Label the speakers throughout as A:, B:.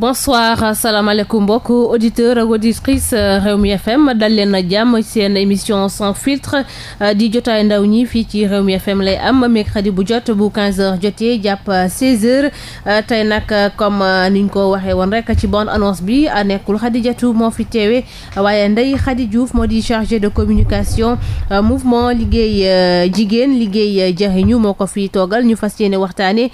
A: bonsoir asalaamaaleykum mbokk auditeurs ak réew euh, Rewmi FM dal leen na jàmm seen émission sans filtre euh, di jotaay ndaw ñi fii ci réew Rewmi FM lay am mercredi bu jot bu 15 heures jotee jàpp 16 heures euh, tey nag comme niñ ko waxee woon rek ci bonne annonce bi a nekkul jotu moo fi teewee waaye nday Khady Diouf moo di chargé de communication mouvement liggéey jigéen liggéey jariñu moo ko fi toogal ñu fas yéene waxtaane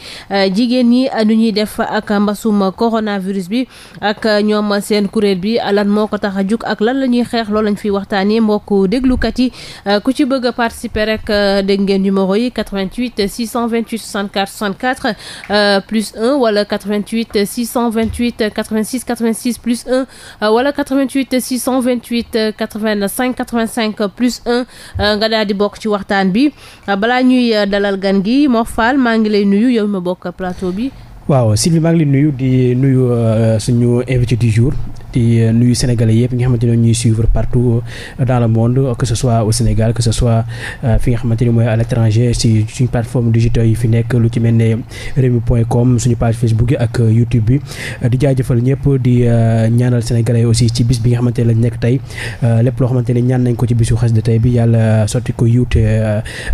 A: jigéen ñi nu ñuy def ak mbasum coronavirus coronavirus bi ak ñoom seen kuréel bi lan moo ko tax a jug ak lan la ñuy xeex loolu lañ fiy waxtaanee mbokku déglukat yi euh, ku ci bëgg a participer rek euh, dégg ngeen numéro yi 88 628 64 64 plus 1 wala 88 628 86 86 plus 1 euh, wala 88 628 85 85 plus 1 nga daal di bokk ci waxtaan bi balaa ñuy dalal gan gi Mor maa ngi lay nuyu yow ma bokk plateau bi.
B: waaw Sylvie maa ngi nuyu di nuyu euh, suñu invité du jour di euh, nuyu sénégalais yëpp nga xamante ne ñuy suivre partout euh, dans le monde que ce soit au Sénégal que ce soit fi nga xamante ni mooy à l'étranger si suñu plateforme digitale yi fi nekk lu ci mel ne rewmi point comme suñu page Facebook ak YouTube bi di jaajëfal ñëpp di ñaanal sénégalais aussi ci bis bi nga xamante ne lañ nekk tey lépp loo xamante ne ñaan nañ ko ci bisu xas de tey bi yàlla sotti ko yiwte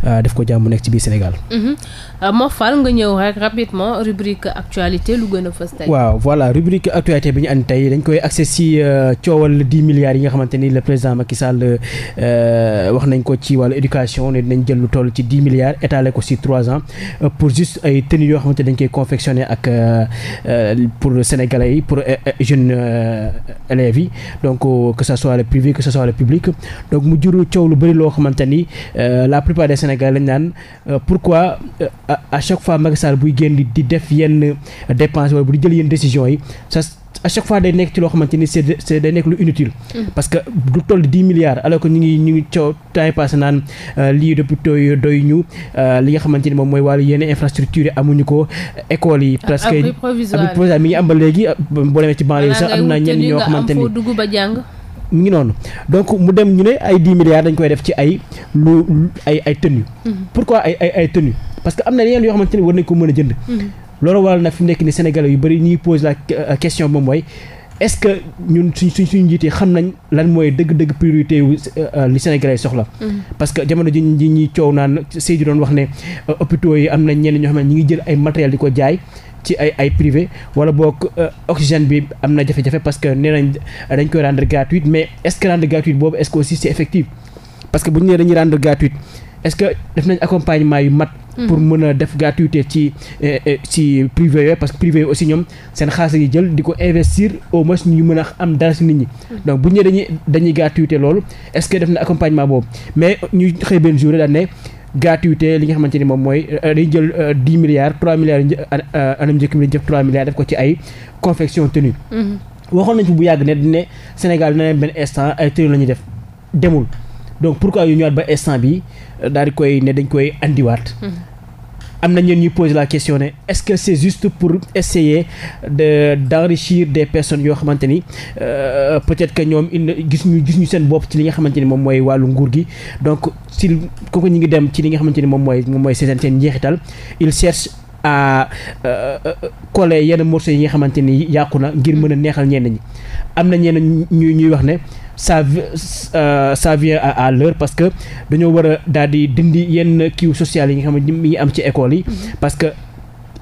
B: def ko jàmm nekk ci biir Sénégal
A: mm-hmm. Euh, Mor Fall nga ñëw rek rapidement rubrique actualité lu gën a fës tey. waaw
B: voilà rubrique actualité bi ñu andi tey dañ koy accès si euh, coowal dix milliards yi nga xamante ni le président Macky Sall euh, wax nañ ko ci wàllu éducation ne dinañ jël lu toll ci dix milliards étalé ko si trois ans pour juste ay tenues yoo xamante dañ koy confectionné ak pour sénégalais yi pour jeunes élèves yi donc que ça soit le privé que ça soit le public donc lu bëri loo xamante ni la plupart des sénégalais lañ naan pourquoi. à chaque fois Macky Sall buy génn di def yenn dépense wala bu di jël yenn décision yi ça chaque fois day nekk ci loo xamante ni c'est c'est day nekk lu inutile. Mm. parce que du toll dix milliards alors que ñu ngi ñu ngi coow temps passé naan euh, lii d'hôpitaux yi doy ñu euh, li nga xamante ni moom mooy wàllu yenn infrastructure yi amuñu ko école yi. Ah, presque ah, abri provisoire mi ngi am ba léegi euh, boo demee ci banlieue sax am na ñenn ñoo xamante ni mu ngi noonu donc mu dem ñu ne ay dix milliards dañ koy def ci ay lu ay ay tenues. Mm-hmm. pourquoi ay ay ay tenues. parce que am na yeneen yoo xamante ne war nañ ko mën a jënd. Mhm. loolu waral nag fi nekk ni Sénégalais yu bëri ñuy pose la question moom mooy est-ce que ñun suñ suñ suñu njiitee xam nañ lan mooy dëgg-dëgg priorité wu euh, li Sénégalais soxla. Mhm. parce que jamono ji ñi ñuy coow naan Seydou doon wax ne euh, hôpitaux yi am nañ ñenn ñoo xam ne ñu ngi jël ay matériel di ko jaay. ci ay ay privé wala boog euh, oxygène bi am na jafe-jafe parce que nee nañ dañ koy rendre gratuite mais est-ce que rendre gratuite boobu est-ce que aussi c'est effectif parce que bu ñu nee dañuy rendre gratuite est-ce nañ accompagnement yu mat Mm. pour mën a def gratuité ci eh, eh, ci privé yooyu parce que privé yooyu aussi ñoom seen xaalis yi jël di ko investir au moins ñu mën a am dara si nit ñi. Mm. donc bu ñu dañuy dañuy gratuité ñu li nga xamante ni moom mooy euh, dañu jël euh, dix milliards trois milliards euh, anam njëkk bi dañu jëf trois milliards def ko ci ay confection tenue mm-hmm. waxoon nañ fi bu yàgg ne dine Sénégal dina benn instant ay tenue la ñuy def demul donc pourquoi yu ñëwaat ba instant bi daal di koy ne dañ koy indiwaat hmm. am na ñeen ñuy poser la question ne est-ce que c'est juste pour essayer de d'enrichir des personnes yoo xamante ni euh, peut-être que ñoom gis ñu gis ñu seen bopp ci li nga xamante ni moom mooy wàllu nguur gi donc si kooku ñu ngi dem ci li nga xamante ni moom mooy moom mooy seen seen njeexital il cherche à euh, euh, coller yenn morceaux yi nga xamante ni yàqu na ngir mën a neexal ñenn ñi am na ñenn ñu ñuy wax ne ça euh, ça vient à leur parce que dañoo war a daal di dindi yenn kiiw social yi nga xam ne mi ngi am ci école yi mm-hmm. parce que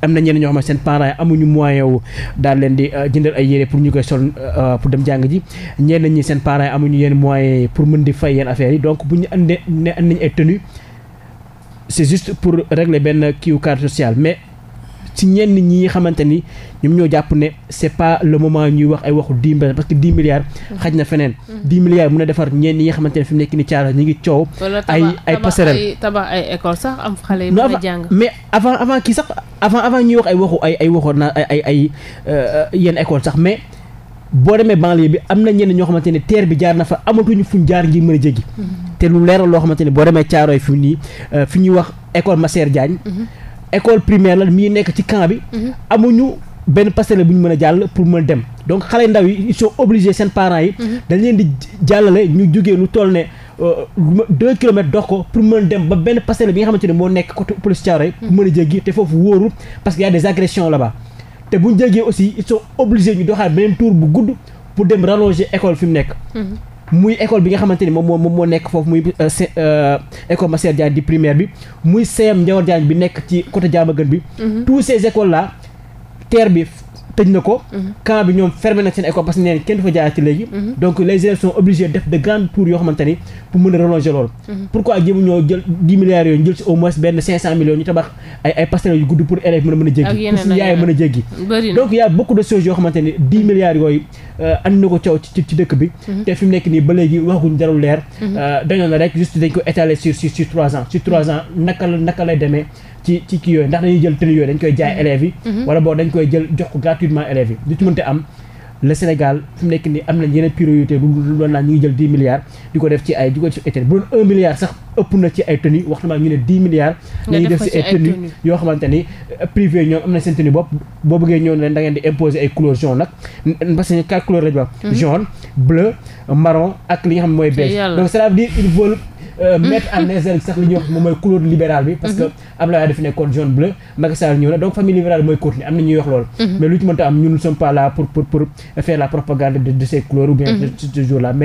B: am na ñenn ñoo xam ne seen parents yi amuñu moyen wu daal leen di jëndal ay yére pour ñu koy sol pour dem jàng ji ñeen ñi seen parents yi amuñu yenn moyen pour mën di fay yenn affaires yi donc bu ñu andee ne am nañ ay tenues c'est juste pour régler benn kiiw carte sociale mais ci ñenn ñi xamante ni ñoom ñoo jàpp ne c'est pas le moment ñuy wax ay waxu dix milliards parce que dix milliards xaj na feneen mm-hmm. dix milliards mun a defar ñenn ñi nga xamante ne fi mu nekk ni caara ñu ngi coow ay ay passerelle
A: tabax ay école sax am xale yu jàng mais
B: avant avant kii sax avant avant ñuy wax ay waxu ay ay waxu na ay ay ay euh, yenn école sax mais boo demee banlieue bi am na ñenn ñoo xamante ni teer bi jaar na fa fu ñu jaar ngir mën a jéggi. Mm-hmm. te lu leeral loo xamante ne boo demee Caaroy fi nii euh, fi ñuy wax école Masseer Diagne. Mm-hmm. école primaire la mi ngi nekk ci camp bi. Mm-hmm. amuñu benn passerelle bu ñu mën a jàll pour mën dem donc xale ndaw yi ils sont obligés seen parent yi. dañ leen di jàllale ñu jógee lu toll ne. Euh, deux kilomètres dox ko pour mën dem ba benn passerelle bi nga xamante ne moo nekk côté police Caaroy. pour mën te foofu wóorul parce que des agressions là-bas. te buñ jégee aussi ils sont obligés ñu doxaat beneen tour bu gudd pour dem rallonger école fi mu nekk. Mhm. muy école bi nga xamante ni moom moo moom moo nekk foofu muy euh, euh, école Massaër Diagne di primaire bi muy CM Ndiawar jaan bi nekk ci côté Diamaguène bi. Mhm. tous ces écoles là terre bi. tëj na ko. Mhm. camp bi ñoom fermé na seen école parce que kenn du fa jaarati léegi. Mhm. donc les élèves sont obligés def de grandes tours yoo xamante ni pour mën a relonger loolu. Mhm. pourquoi jéem ñoo jël dix milliards yooyu ñu jël ci au moins benn cinq cent millions ñu tabax ay ay passerelles yu gudd pour élèves mën a mën a jéggi. pour suñu yaay mën a jéggi. donc y' a de choses yoo xamante dix milliards yooyu euh, andi na ko caw ci dëkk bi. te fi nekk nii ba léegi waxuñ ci ci kii yooyu ndax dañuy jël tenue yooyu dañ koy jaay mm-hmm. élèves yi mm-hmm. wala boo dañ koy jël jox ko gratuitement élèves yi lu ci mënte am le Sénégal fi nekk nii am nañ jël dix milliards di ko def ci ay di ko def ci ay tenue bu doon un milliard sax ëpp na ci ay tenue waxtu ma ñu ne dix milliards dañuy def ci ay tenue yoo xamante ni euh, privé ñoom am na seen tenue bopp boo bëggee ñëw ne di imposer ay couleur jaune nag parce que quatre couleurs lañu wax mm-hmm. mooy beige Euh, mettre en exergue sax li ñu wax moom mooy couleur libérale bi parce que mhm. Abdoulaye dafa nekkoon jaune bleu Macky Sall ñëw na donc famille libérale bi mooy continuer am na ñuy wax loolu mhm. mais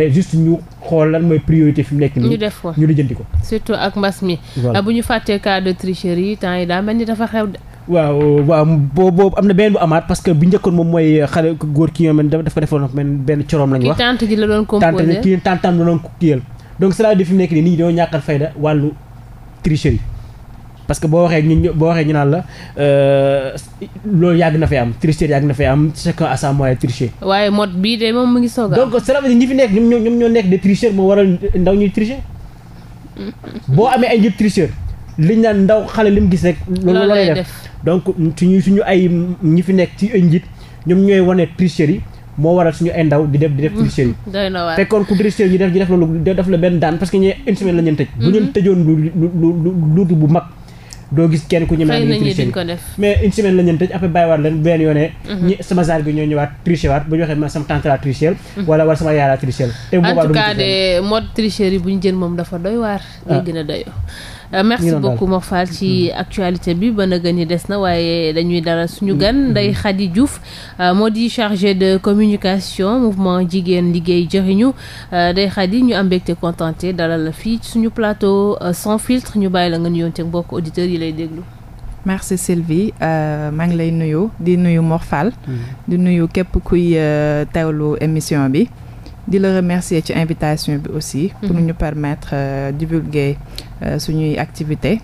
B: lu ñu xool lan mooy priorité fi mu nekk nii ñu lijjanti ko
A: surtout ak mbas mi ah, bu ñu fàttee cas de tricherie temps yi daa mel ni dafa xew
B: waaw waaw boobu boobu am na benn bu amaat parce que bu njëkkoon moom mooy xale góor ki ñoom dafa defoon benn coroom lañu wax tante ji donc cela di fi mu nekk nii nit ñi dañoo ñàkkal fayda wàllu yi parce que boo waxee ñu boo waxee ñu naan la euh, loolu yàgg na fee am tricherie yàgg na fee am chacun à sa moyen tricher. waaye mot bii de moom mu ngi soog donc cela veut ñi fi nekk ñoom ñoo nekk des tricheurs moo a ndaw ñuy tricher boo amee ay njëb tricheur liñ naan ndaw xale li mu gis rek. loolu lay def donc suñu suñu ay ñi fi nekk ci ay ñoom ñooy wane tricherie yi. moo waral suñu ay ndaw di def di def tricherie
A: mm. te
B: kon ku tricherie yi def ñu def loolu def la benn daan parce que ñee une la ñeen tëj bu ñeen mm-hmm. tëjoon lu lu bu mag doo gis kenn ku ñemee ñu tricher mais une semaine la ñu tëj après bàyyiwaat leen benn yoonee mm-hmm. ñi sama genre bi ñoo ñëwaat tricher waat bu ñu waxee ma sama tante la tricher mm-hmm. wala wala sama yaay la te bu boobaa en tout
A: cas bu ñu jël moom dafa doy waar. li ah. gën a Euh, merci beaucoup Mor Fall ci mm-hmm. actualité bi ba nga ni des na waaye dañuy dara suñu mm-hmm. gan Ndeye mm-hmm. Khady Diouf euh, moo di chargé de communication mouvement jigéen liggéey jëriñu euh, Ndeye Khady ñu am mbégte contenté dalal la fii suñu plateau sans filtre ñu bàyyi la nga nuyoon ci mbokk auditeurs yi lay déglu.
C: merci Sylvie maa ngi lay nuyu di nuyu Mor di nuyu képp kuy teewlu émission bi. di la remercier ci invitation bi aussi. pour ñu di divulguer Euh, suñuy activité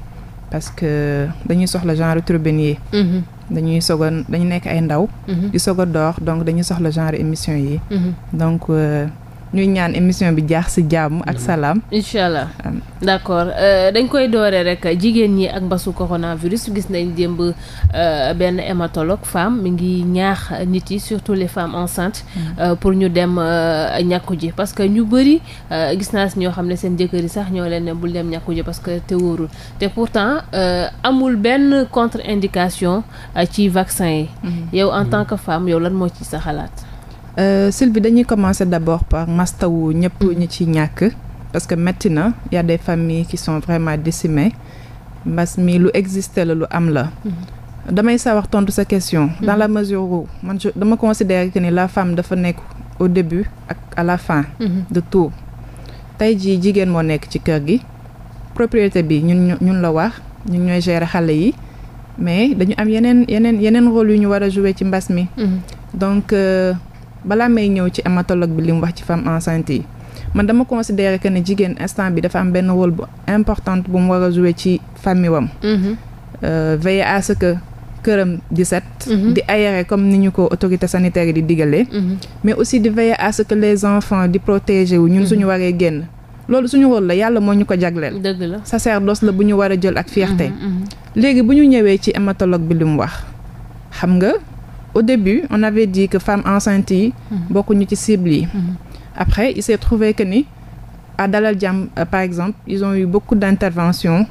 C: parce que dañuy soxla genre tribune yi mm-hmm. dañuy soog a dañu nekk ay ndaw mm-hmm. di soog door donc dañuy soxla genre émission yi mm-hmm. donc euh, ñuy ñaan émission bi jaax si jàmm ak salaam.
A: incha allah d' accord euh, dañ koy dooree rek jigéen ñi ak mbasu coronavirus gis nañ démb euh, benn hématologue femme mi ngi ñaax nit yi surtout les femmes enceintes. Mm. Euh, pour ñu dem ñàkku ji parce que ñu bëri gis naa si ñoo xam ne seen jëkkër yi sax ñoo leen ne bul dem ñàkku ji parce que te wóorul te pourtant amul benn contre indication ci vaccin yi. Mm-hmm. yow en tant que femme yow lan moo ci sa xalaat.
C: Sylvie euh, dañuy commencer d'abord par mastawu ñëpp mm. ñu ci ñàkk parce que métti na y a des familles qui son vraiment décimées mbas mi lu existe la lu am la
D: mm.
C: damay sawar tontu sa question mm. dans la mesure où man dama considérer que ni la femme dafa nekk au début ak à la fin mm-hmm. de tout tey jii jigéen moo nekk ci kër gi propriété bi ñun ñun la wax ñun ñooy gérer xale yi mais dañu am yeneen yeneen yeneen rôle yu ñu war a jouer ci mbas mi mm-hmm. donc euh, balaa may ñëw ci hématologue bi li mu wax ci femme enceinte yi man dama considérer que ne jigéen instant bi dafa am benn rôle bu importante bu mu war a jouer ci famille wam mhm. euh, veiller à këram di set mhm. di aérer comme ni ñu ko autorité sanitaire yi di digalee mhm. mais aussi di veiller à ce que les enfants di protéger wu ñun suñu waree génn loolu suñu rôle la yàlla moo ñu ko jagleel dëgg la sacerdoce la bu ñu war a jël ak fierté léegi bu ñu ñëwee ci hématologue bi li mu wax xam nga au début on avait dit que femmes enceintes yi. Mhm. bokkuñu ci cible yi. Mhm. après il s'est trouvé que ni à Dalal Jàmm euh, par exemple ils ont eu beaucoup d'interventions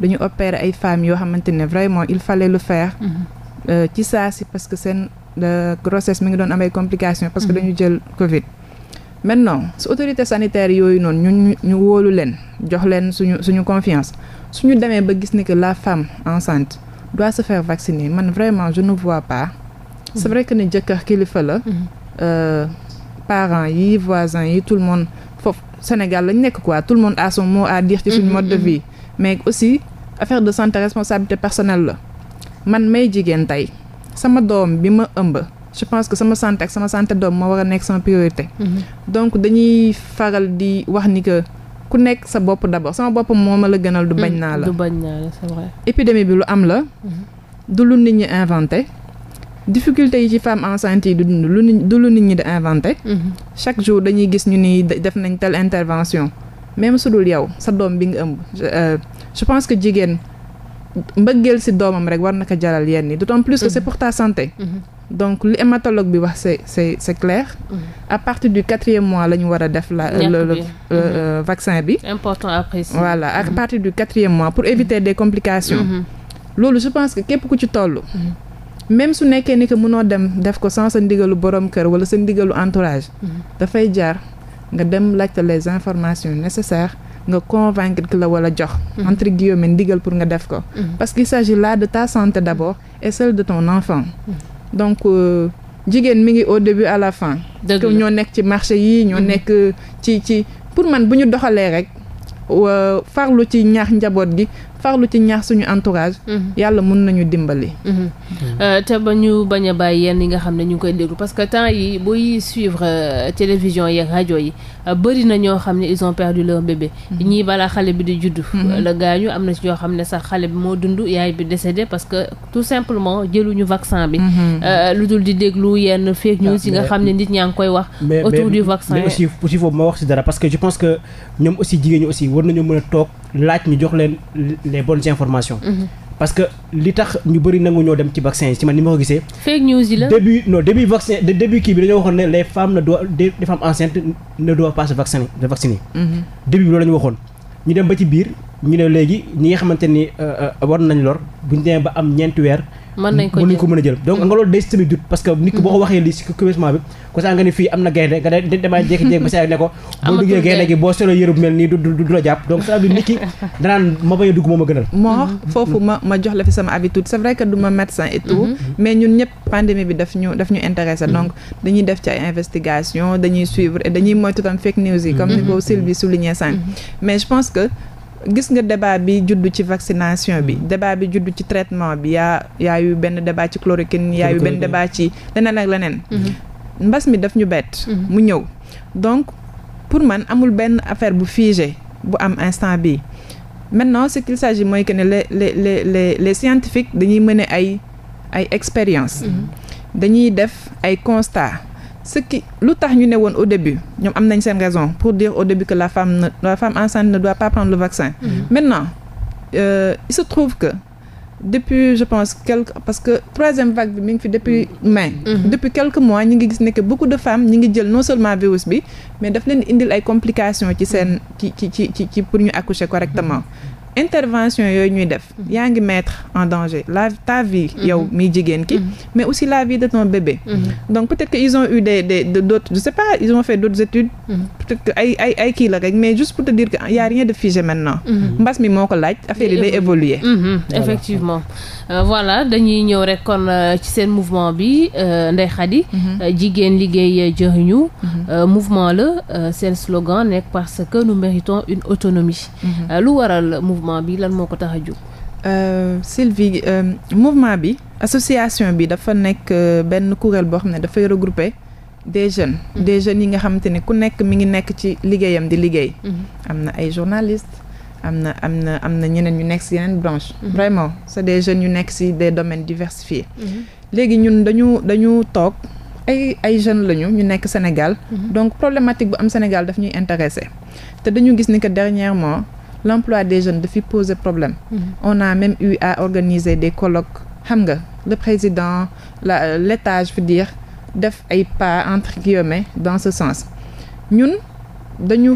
C: dañu opérer ay femmes yoo xamante ne vraiment il fallait le faire. Mhm. Euh, ci saa si parce que seen grossesse mu ngi doon am ay parce que dañu jël Covid. maintenant su autorité sanitaire yooyu noonu ñu ñu wóolu leen jox leen suñu suñu confiance ñu demee ba gis ni que la femme enceinte doit se faire vacciner man vraiment je ne vois pas. c'est vrai que ni jëkkër kilifa la. Mhm. Euh, parents yi voisins yi tout le monde foofu Sénégal lañ nekk quoi tout le monde a son mot à dire ci suñu mhm, mode de mhm. vie. mais aussi affaire de santé responsabilité personnelle la man may jigéen tey sama doom bi ma ëmb. je pense que sama santé ak sama santé doom moo war a nekk sama priorité. donc dañuy faral di wax ni que ku nekk sa bopp d'abord sama bopp moo ma la gënal. du bañ naa la
A: bañ naa
C: épidémie bi lu am la. du lu nit ñi inventé. difficulté yi ci femme enceinte yi du dund lu du lu nit ñi di inventé. Mhm. chaque jour dañuy gis ñu ni def nañ telle intervention même su dul yow sa doom bi nga ëmb. je euh, pense que jigéen mbëggeel si doomam rek war na ko jaral yenn yi d'autant plus que c'est mhm. pour ta santé. Mhm. donc li hématologue bi wax c'est c'est c'est à partir du quatrième mois la ñu war a def la. le euh, euh, vaccin bi. important à préciser. voilà à partir du quatrième mois pour éviter des complications. loolu je pense que képp ku ci toll. même su nekkee ni que mënoo dem def ko sans sa ndigalu borom kër wala sa ndigalu entourage. Mhm. dafay jaar nga dem laajte les informations nécessaires nga convaincre ki la wala jox. Mhm. entre guillemets ndigal pour nga def ko. Mhm. parce qu'il s'agit là de ta santé d'abord et celle de ton enfant. donc euh, jigéen mi ngi au début à la fin. que ñoo nekk ci marché yi ñoo nekk ci ci pour man bu ñu doxalee rek farlu ci ñaax njaboot gi. farlu ci ñaax suñu entourage. Mhm. yàlla mun nañu dimbali. Mhm.
A: Mhm. Euh, te ba ñu bañ a bàyyi yenn yi nga xam ne ñu ngi koy déglu parce que temps yi buy suivre euh, télévision yeeg rajo yi euh, bëri na ñoo xam ne ils ont perdu leur bébé. ñii balaa xale bi di juddu. la gaañu am na ci ñoo xam ne sax xale bi moo dund yaay bi décédé parce que tout simplement jëluñu vaccin bi. lu dul di déglu yenn fake news yi nga ah, xam ne nit ñaa ngi koy wax. autour du vaccin mais aussi
B: aussi ma wax si dara parce a toog. laaj ñu jox leen les bonnes informations. Mhm. parce que li tax ñu bëri nangu ñoo dem ci vaccin yi ci man ni ma ko gisee.
A: fake yi la début
B: non vaccin début kii bi dañoo waxoon ne les femmes ne doivent les femmes enceintes ne doivent pas se vacciner se vacciner. Mhm. début bi loolu la waxoon. ñu dem ba ci biir ñu ne léegi ñi xamante ni euh, euh, war nañ lor bu demee ba am ñeenti weer. man nañ ko mën a jël donc nga loolu day semi doute parce que nit boo ko waxee lii si commencement bi ko sa nga ne fii am na gaynde nga ne dama jékki-jékki ba sa ko boo du du
C: la jàpp donc ça a dugg moom a gënal moo foofu ma ma jox la médecin et tout mm-hmm. mais ñun ñëpp pandémie bi daf ñu daf mm-hmm. donc dañuy def ci investigation dañuy suivre et dañuy moytu tam fake news yi comme ni mm-hmm. ko Sylvie souligné sànq mais je pense que gis nga débat bi juddu ci vaccination bi débat bi juddu ci traitement bi yaa yaa yu benn débat ci chloroquine yaa yu benn débat ci leneen ak leneen mhm. mbas mi daf ñu bett mhm. mu ñëw donc pour man amul benn affaire bu figé bu am instant bi maintenant ce qu'il s'agit mooy que ne les les les le les scientifique dañuy mener ay ay expérience mhm. dañuy def ay constat ce qui lu tax ñu ne woon au début ñoom am nañ seen raison pour dire au début que la femme ne, la femme enceinte ne doit pas prendre le vaccin. Mm -hmm. maintenant euh, il se trouve que depuis je pense quelque parce que troisième vague bi mi ngi fi depuis mais Mm -hmm. depuis quelques mois ñi ngi gis ne que beaucoup de femmes ñi ngi jël non seulement virus bi mais daf leen indil ay complication ci seen ci ci ci ci pour ñu accouché correctement. Mm -hmm. intervention yooyu ñuy def mm-hmm. yaa ngi mettre en danger la ta vie mm-hmm. yow mi jigéen ki mm-hmm. mais aussi la vie de ton bébé donc peut-être que ils ont eu des des d'autres je sais pas ils ont fait d'autres études peut-être que ay kii la rek mais juste pour te dire que y a rien de figé maintenant mbas mi moo ko laaj affaire yi day évoluer effectivement euh,
A: voilà dañuy ñëw rek kon euh, ci seen mouvement bi euh, Ndeye Khady jigéen liggéey jëriñu mouvement la seen slogan nekk parce que nous méritons une
C: mouvement bi lan moo ko tax a jóg. Euh, Sylvie euh, mouvement bi association bi dafa nekk euh, benn kuréel boo xam ne dafay regrouper des jeunes. Mhm. des jeunes yi nga xamante ne ku nekk mi ngi nekk ci liggéeyam di liggéey. Mhm. am na ay journalistes. am na am na am na ñeneen ñu nekk ci yeneen branche mhm. vraiment c'est des jeunes yu nekk ci des domaines diversifiés léegi ñun dañu dañu toog ay ay jeunes lañu ñu nekk Sénégal donc problématique bu am Sénégal daf ñuy intéressé te dañu gis ni que dernièrement l'emploi des jeunes dafi poser problème mm-hmm. on a même eu à organiser des colloques xam nga le président la l'État je veux dire def ay pas entre guillemets dans ce sens ñun dañu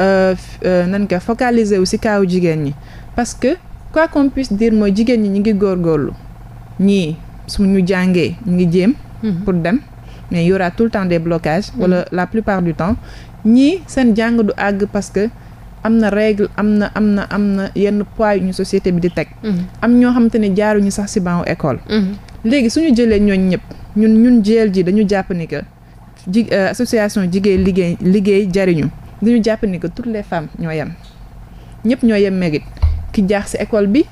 C: euh, euh, nan ka focaliser wu ci kaaw jigéen ñi parce que quoi qu'on puisse dire mooy jigéen ñi ñu ngi góorgóorlu ñii su ñu jàngee ñu ngi jéem mm-hmm. pour dem mais y aura tout le temps des blocages wala mm -hmm. la plupart du temps ñii seen jàng du àgg am na règle am na am na am na yenn poids yu ñu société bi di teg. Mm-hmm. am ñoo xamante ne jaaruñu sax ci banc école. Mm-hmm. léegi suñu jëlee ñooñ ñëpp ñun ñun jël ji dañu jàpp ni que ji euh, association jigéen liggéey liggéey jariñu dañu jàpp ni que toutes les femmes ñoo yem ñëpp ñoo yem mérite ki jaax ci école bi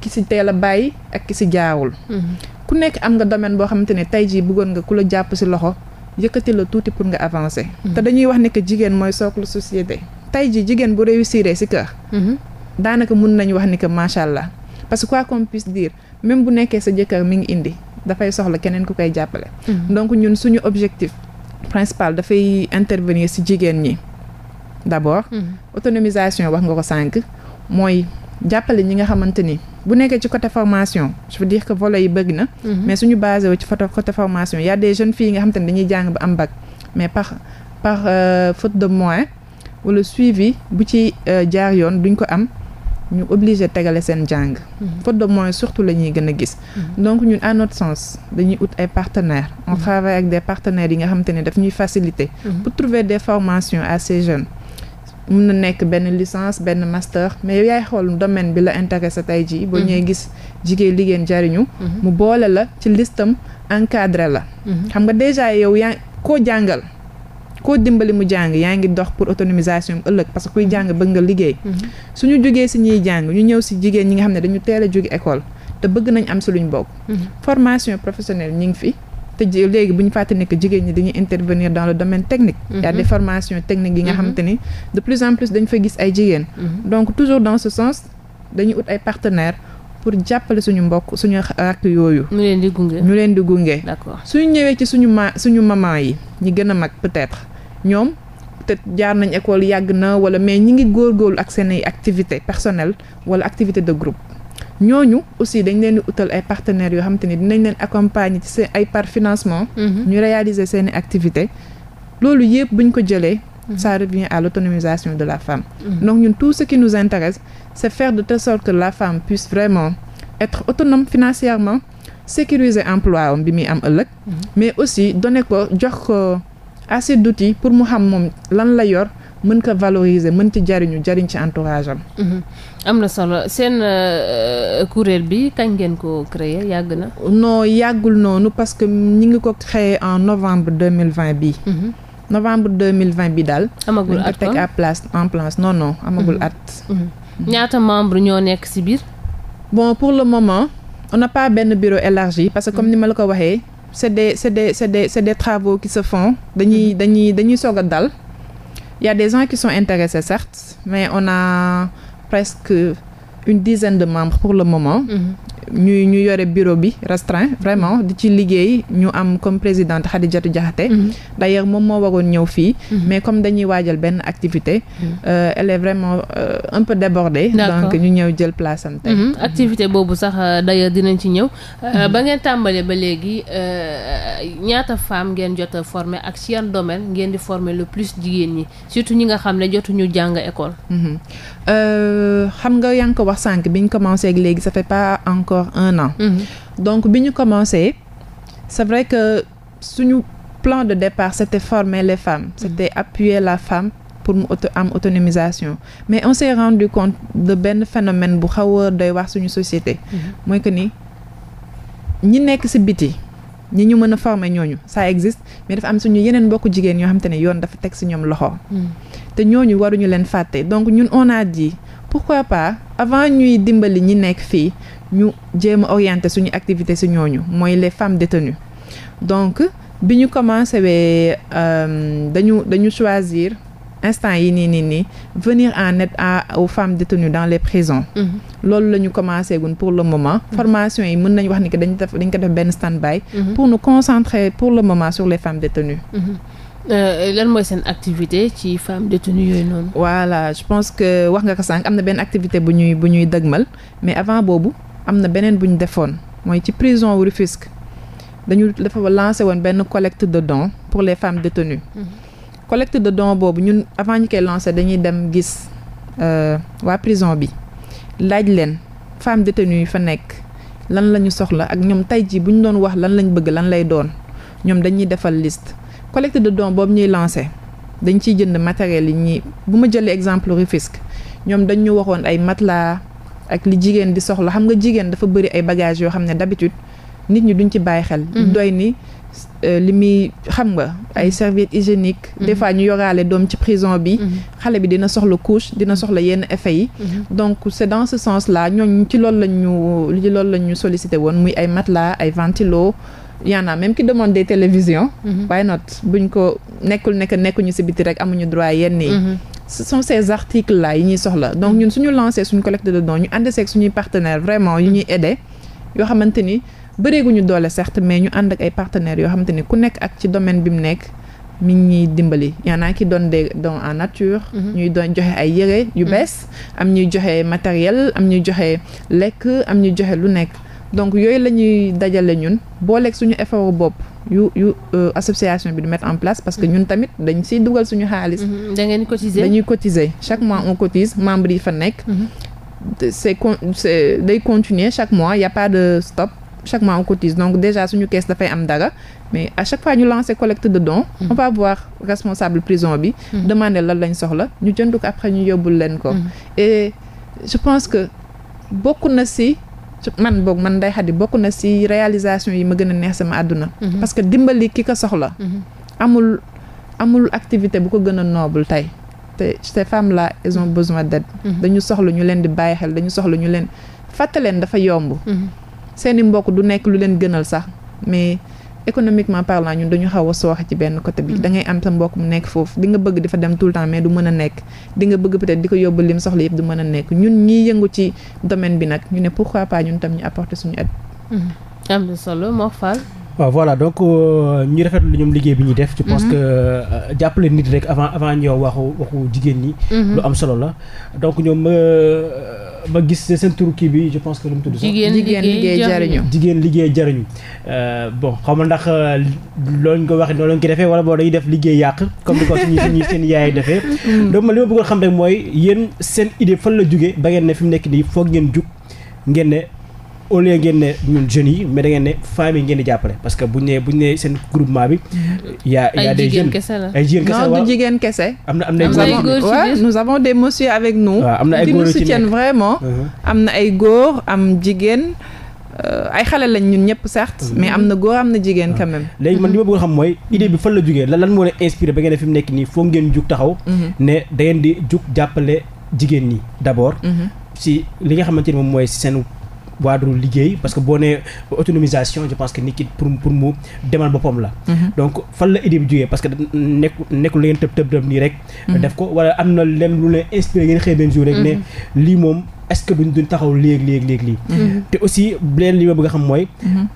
C: ki ci teel a bàyyi ak ki ci jaawul. Mm-hmm. ku nekk am nga domaine boo xamante ne tey jii bëggoon nga ku la jàpp ci loxo yëkkati la tuuti pour nga avancé te dañuy wax ni que jigéen mooy socle société. tey ji jigéen bu réussir si kër mhm. daanaka mun nañu wax ni que macha allah parce que quoi qu'on puisse dire même bu nekkee sa jëkkër mi ngi indi dafay soxla keneen ku koy jàppale mhm. donc ñun suñu objectif principal dafay intervenir si jigéen ñi d'abord mhm. autonomisation wax nga ko sànq mooy jàppale ñi nga xamante ni bu nekkee ci côté formation je veux dire que volet yi bëgg na mais suñu basé wu ci côté formation y des jeunes fii yi nga xamante ni dañuy jàng ba am bac mais par par euh, faute de moyens wala suivi bu ci euh, jaar yoon duñ ko am ñu obligé tegale seen jàng. Mhm. faute de moyens surtout la ñuy gën a gis. Mhm. donc ñun à notre sens dañuy ut ay partenaires. on mm -hmm. des partenaires yi nga xamante ne daf ñuy facilité mhm. pour trouver des formations à ces jeunes. mun na nekk benn licence benn master mais yaay xool domaine bi la sa tey jii. boo ñëwee gis jigéen liggéey jariñu mu boole la ci listam encadré la. xam nga déjà yow yaa koo jàngal. koo dimbali mu jàng yaa ngi dox pour autonomisation ëllëg parce que kuy jàng bëgg nga liggéey mhm. suñu jógee si ñuy jàng ñu ñëw si jigéen ñi nga xam ne dañu teel a jóge école te bëgg nañ am si luñ bokk mhm. formation professionnelle ñi ngi fi te léegi bu ñu fàtte ne que jigéen ñi dañuy intervenir dans le domaine technique il y a mhm. yi nga xamante ni de plus en plus dañ fa gis ay jigéen donc toujours dans ce sens dañuy ut ay partenaires pour jàppale suñu mbokk suñu rakk yooyu ñu leen di gunge ñu leen di gunge d'accord suñu ñëwee ci suñu ma suñu maman yi ñi gën a mag peut-être ñoom te jaar nañ école yàgg na wala mais ñi ngi góor góorgóorlu ak seen activité personnelle wala activité de groupe ñooñu aussi dañ leen di utal ay partenaires yoo xam ni dinañ leen accompagner ci seen ay par financement mhm. ñu réaliser seen i activité loolu yëpp buñ ko jëlee mhm. ça revient à l'autonomisation de la femme mhm. donc ñun tout ce qui nous intéresse c'est faire de telle sorte que la femme puisse vraiment être autonome financièrement sécuriser emploi am bi muy am ëllëg mais aussi donner ko jox ko assez d'outils pour mu xam moom lan la yor mën ko valoriser mën ci jariñu jariñ ci entourage am.
A: Mhm. am na solo seen euh, euh, kuréel bi kañ ngeen ko
C: créer yàgg na. noo yàggul noonu parce que ñu ngi ko créer en novembre deux mille vingt bii. Mhm. novembre deux mille vingt bi daal. amagul at ko teg en place non non amagul mhm. at. ñaata membre ñoo nekk ci biir. bon pour le moment on n'a pas benn bureau élargi parce que comme ni ma la ko waxee. c'est des c'est des c'est des c'est des travaux qui se font dañuy mm-hmm. dañuy dañuy soog a dal y des gens qui sont intéressés certes mais on a presque une dizaine de membres pour le moment. Mhm. ñu ñu yore bureau bi restreint mhm. vraiment di ci liggéey ñu am comme présidente Khadijatou jotu d' mhm. ailleurs moom moo wagoon ñëw fii. mais comme dañuy waajal benn activité. Euh, elle vraiment euh, un peu débordée. donc ñu ñëw jël place am
A: activité boobu sax euh, d' dinañ ci ñëw. Euh, ba ngeen tàmbalee ba léegi euh, ñaata femme ngeen jot a former ak si domaine ngeen di former le plus jigéen ñi surtout ñi nga xam ne jotuñu jàng école.
C: Euh, xam nga yaa ko wax sànq bi ñu commencé ak léegi ça fait pas encore un an. Mhm. donc bi ñu commencé c' est vrai que suñu plan de départ c' former les femmes. Mhm. c' était appuyer la femme pour mu auto am autonomisation mais on s' est rendu compte de benn phénomène bu xaw day doy wax suñu société. Mhm. mooy que ni ñi nekk si biti. ñi ñu mën a former ñooñu ça existe mais dafa am suñu yeneen mbokku jigéen ñoo xam ne yoon dafa teg si ñoom loxo. Hmm. te ñooñu waruñu leen fàtte donc ñun on a pour quoi pas avant ñuy dimbali ñi nekk fii ñu jéem a orienter suñu activité si ñooñu mooy les femmes détenues donc bi ñu commencé wee euh, dañu dañu choisir. instant yi nii nii nii venir en aide à aux femmes détenues dans les prisons mm-hmm. loolu la ñu commencé gun pour le moment mm-hmm. formation yi mën nañu wax ni que dañ def dañ ko def benn stand-by mm-hmm. pour nous concentrer pour le moment sur les femmes détenues euh, lan mooy seen activité ci femmes détenues yooyu noonu voilà je pense que wax nga ko sànq am na benn activité bu ñuy bu ñuy dëgmal mais avant boobu am na beneen bu ñu defoon mooy ci prison Rufisque dañu dafa lancé woon benn collecte de dons pour les femmes détenues mm collecte de don boobu ñun avant ñu koy lancé dañuy dem gis euh, waa prison bi laaj leen femme détenue yi fa nekk lan la ñu soxla ak ñoom tey jii bu ñu doon wax lan lañ bëgg lan lay doon ñoom dañuy defal liste collecte de don boobu ñuy lancé dañ ciy jënd matériel yi ñi bu ma jëlee exemple Rufisque ñoom dañ ñu waxoon ay matelas ak li jigéen di soxla xam nga jigéen dafa bëri ay bagages yoo xam ne d'habitude nit ñi duñ ci bàyyi xel. Mhm. doy ni Euh, li muy xam nga ay mm-hmm. serviette hygiénique mm-hmm. des fois ñu yoraale doom ci prison bi mm-hmm. xale bi dina soxla couche dina soxla yenn effet yi donc c'est dans ce sens là ñooñ ci loolu lañ ñu ci loolu lañ ñu sollicité woon muy ay matelas ay ventilo y'en a même qui demande des télévisions why not buñ ko nekkul nekk nekkuñu si biti rek amuñu droit yenn yi ce sont ces articles là yi ñuy soxla donc ñun suñu lancé suñu collecte de dons ñu ànd seeg suñuy partenaires vraiment yu ñuy aidé yoo xamante ni bëreeguñu doole certes mais ñu ànd ak ay partenaires yoo xamante ni ku nekk ak ci domaine bi mu nekk mi ngi ñuy dimbali yaa naa ki doon des dons en nature mhm. ñuy doon joxe ay yére yu mhm. bees am ñuy joxe matériel am ñuy joxe lekk am ñuy joxe lu nekk donc yooyu la ñuy dajale ñun booleeg suñu effort bopp yu yu euh, association bi du mettre en place parce que mhm. ñun tamit dañ siy dugal suñu xaalis da ngeen cotiser dañuy cotiser chaque mois on cotise membre yi fa nekk c'est c'est day continuer chaque mois y a pas de chaque mois on cotise donc déjà suñu kees dafay am dara mais à chaque fois ñu lancer collecte de dons. Mm. on va voir responsable prison bi. Mm. demander lan lañ soxla ñu jënd ko après ñu yóbbul leen ko. Mm. et je pense que bokk na si. man boog man Ndeye Khady bokk na si réalisation yi ma gën a neex sama àdduna. Mm-hmm. parce que dimbali ki ko soxla. Mm-hmm. amul amul activité bu ko gën a noble tey. te ces femmes la elles ont besoin d'aide. Mm-hmm. dañu soxla ñu leen di bàyyi xel dañu soxla ñu leen fàttaleen dafa yomb. seeni mbokk du nekk lu leen gënal sax mais économiquement parlant ñun dañu xaw a sooxe ci benn côté bi mm-hmm. da ngay am sa mbokk mu nekk foofu di nga bëgg di fa dem tout le temps mais du mën a nekk di nga bëgg peut-être di ko yóbbu lim soxla yëpp du mën a nekk ñun ñiy yëngu ci domaine bi nag ñu ne pourquoi pas ñun tam ñu apporter suñu aide.
A: Mm-hmm. am na
B: waaw voilà donc euh, ñu lu ñoom liggéey bi ñuy def. je pense mhm. que euh, jàppale nit rek avant avant ñoo waxu waxu jigéen ñi. Mhm. lu am solo la donc ñoom ma euh, ma gis seen turu kii bi je pense que lu mu tudd. jigéen liggéey jariñu jigéen liggéey jariñu. bon xaw ma ndax loolu ñu ko waxee noonu lañ ko defee wala boo dañuy def liggéey yàq comme ni ko suñuy suñuy seen yaay defee. Mhm. donc li ma bëggoon xam rek mooy yéen seen idée fan la jógee ba ngeen ne fi mu nekk nii foog ngeen jug ngeen ne. au lieu ngeen ne ñun jeunes yi mais da ngeen ne femmes yi ngeen di jàppale parce que buñ ne buñ ne seen groupement bi. y' a y' a des jeunes ay jigéen kese la non jigéen
C: kese. am na am na ay góor am jigéen. Euh, ay xale lañ ñun ñëpp certes. Uh-huh. mais am na góor am na jigéen uh-huh. quand même.
B: léegi man li ma bëgg xam mooy uh-huh. idée bi fan la jugee lan lan moo leen inspiré ba ngeen ne fi mu nekk nii foo ngeen jug taxaw. ne da di jug jàppale jigéen ñi d' abord. si li nga xamante ni moom mooy seen waadru liggéey parce que boo nee autonomisation je pense que nit ki pour mu demal boppam la mhm. donc fan la idée bi jógee parce que nekk nekkul la ngeen tëb tëb tëb nii rek mhm. def ko wala am na leen lu leen inspiré ngeen xëy benn jour rek ne mhm. lii moom est-ce que duñ taxaw léegi léegi léegi lii te aussi leen li ma bëgg a xam mooy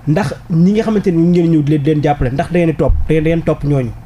B: ndax ñi nga xamante ni ñu ngeen ñëw di leen jàppale ndax da topp da topp ñooñu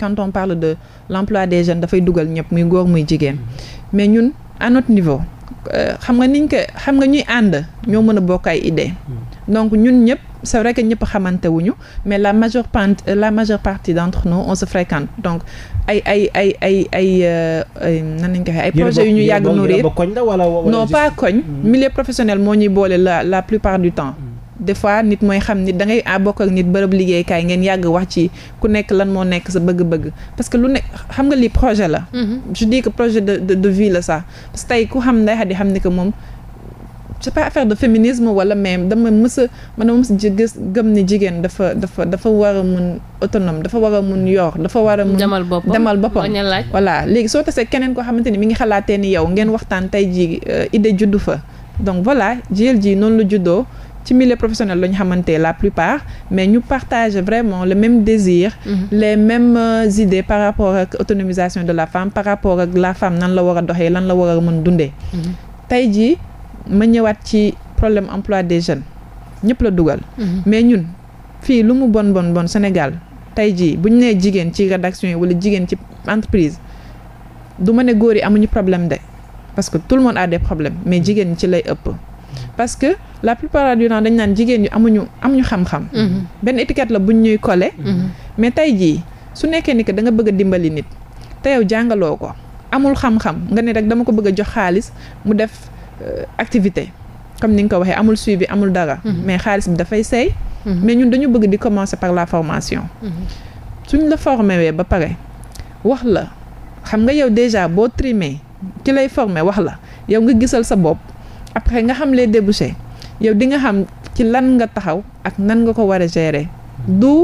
C: quand on parle de l'emploi des jeunes dafay dugal ñëpp muy góor muy jigéen mais ñun à notre niveau euh, xam nga niñ ko xam nga ñuy ànd ñoo mën a bokk ay idée hmm. donc ñun ñëpp c'est vrai que ñëpp xamante wuñu mais la majeure part euh, la majeure partie d'entre nous on se fréquente donc ay ay ay ay ay euh, nan lañ ko waxee ay projets yu ñu yàgg nourrir non pas koñ hmm. milieu professionnel moo ñuy boole la plupart du temps des fois nit mooy xam nit da ngay ah, bokk ak nit bërëb liggéeykaay ngeen yàgg wax ci ku nekk lan moo nekk sa bëgg-bëgg parce que lu nekk xam nga lii projet la. Mhm. je dis projet de de de vie la sax parce que tey ku xam Ndeye Khady xam ni que moom. c'est pas de féminisme wala même dama mës a man dama mës a gis gëm ni jigéen dafa dafa dafa war a mun autonome dafa war a mun yor dafa war a mun demal boppam demal boppam voilà léegi soo tasee keneen koo xamante ni mi ngi xalaatee ni yow ngeen waxtaan tey jii euh, idée juddu fa donc voilà ji noonu la juddoo ci mille professionnel la ñu xamante la plupart mais ñu partage vraiment le même désir mhm. les mêmes euh, idées par rapport ak autonomisation de la femme par rapport ak la femme nan la war a doxee lan la war a mën dundee mhm. tey jii ma ñëwaat ci problème emploi des jeunes ñëpp la dugal mhm. mais ñun fii lu mu bon bon bon Sénégal tey jii bu ñu nee jigéen ci rédaction yi wala jigéen ci entreprise du ma ne góor yi amuñu problème de parce que tout le monde a des problèmes mais jigéen ñi ci lay ëpp parce que la plupart du temps dañ naan jigéen ñu amuñu amuñu xam-xam. Mhm. benn étiquette la buñ ñuy collé. Mhm. mais tey jii su nekkee ni que da nga bëgg a dimbali nit te yow jàngaloo ko amul xam-xam nga ne rek dama ko bëgg a jox xaalis mu def euh, activité comme ni nga ko waxee amul suivi amul dara. Mhm. mais xaalis bi dafay seey. mais ñun dañu bëgg di commencer par la formation. suñ la formé wee ba pare wax la xam nga yow déjà boo trimé ki lay formé wax la yow nga gisal sa bopp. après nga xam lee débouchés yow di nga xam ci lan nga taxaw ak nan nga ko war a gérer du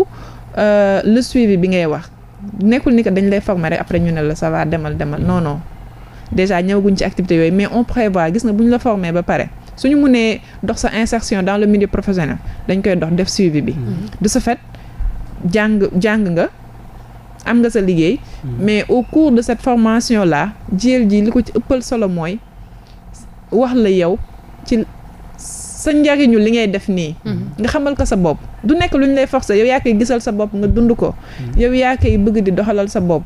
C: euh, le suivi bi ngay wax nekkul ni que dañ lay former rek après ñu ne la ça va demal demal non non déjà ñëwaguñ ci activité yooyu mais on prévoit gis na bu ñu la former ba pare suñu mënee dox sa insertion dans le milieu professionnel dañ koy dox def suivi bi mm-hmm. de sa fait jàng jàng nga am nga sa liggéey mm-hmm. mais au cours de cette formation là jël ji li ko ci ëppal solo mooy wax la yow ci sa njariñu li ngay def nii mhm. nga xamal ko sa bopp du nekk lu ñu lay forcer yow yaa koy gisal sa bopp nga dund ko mhm. yow yaa koy bëgg di doxalal sa bopp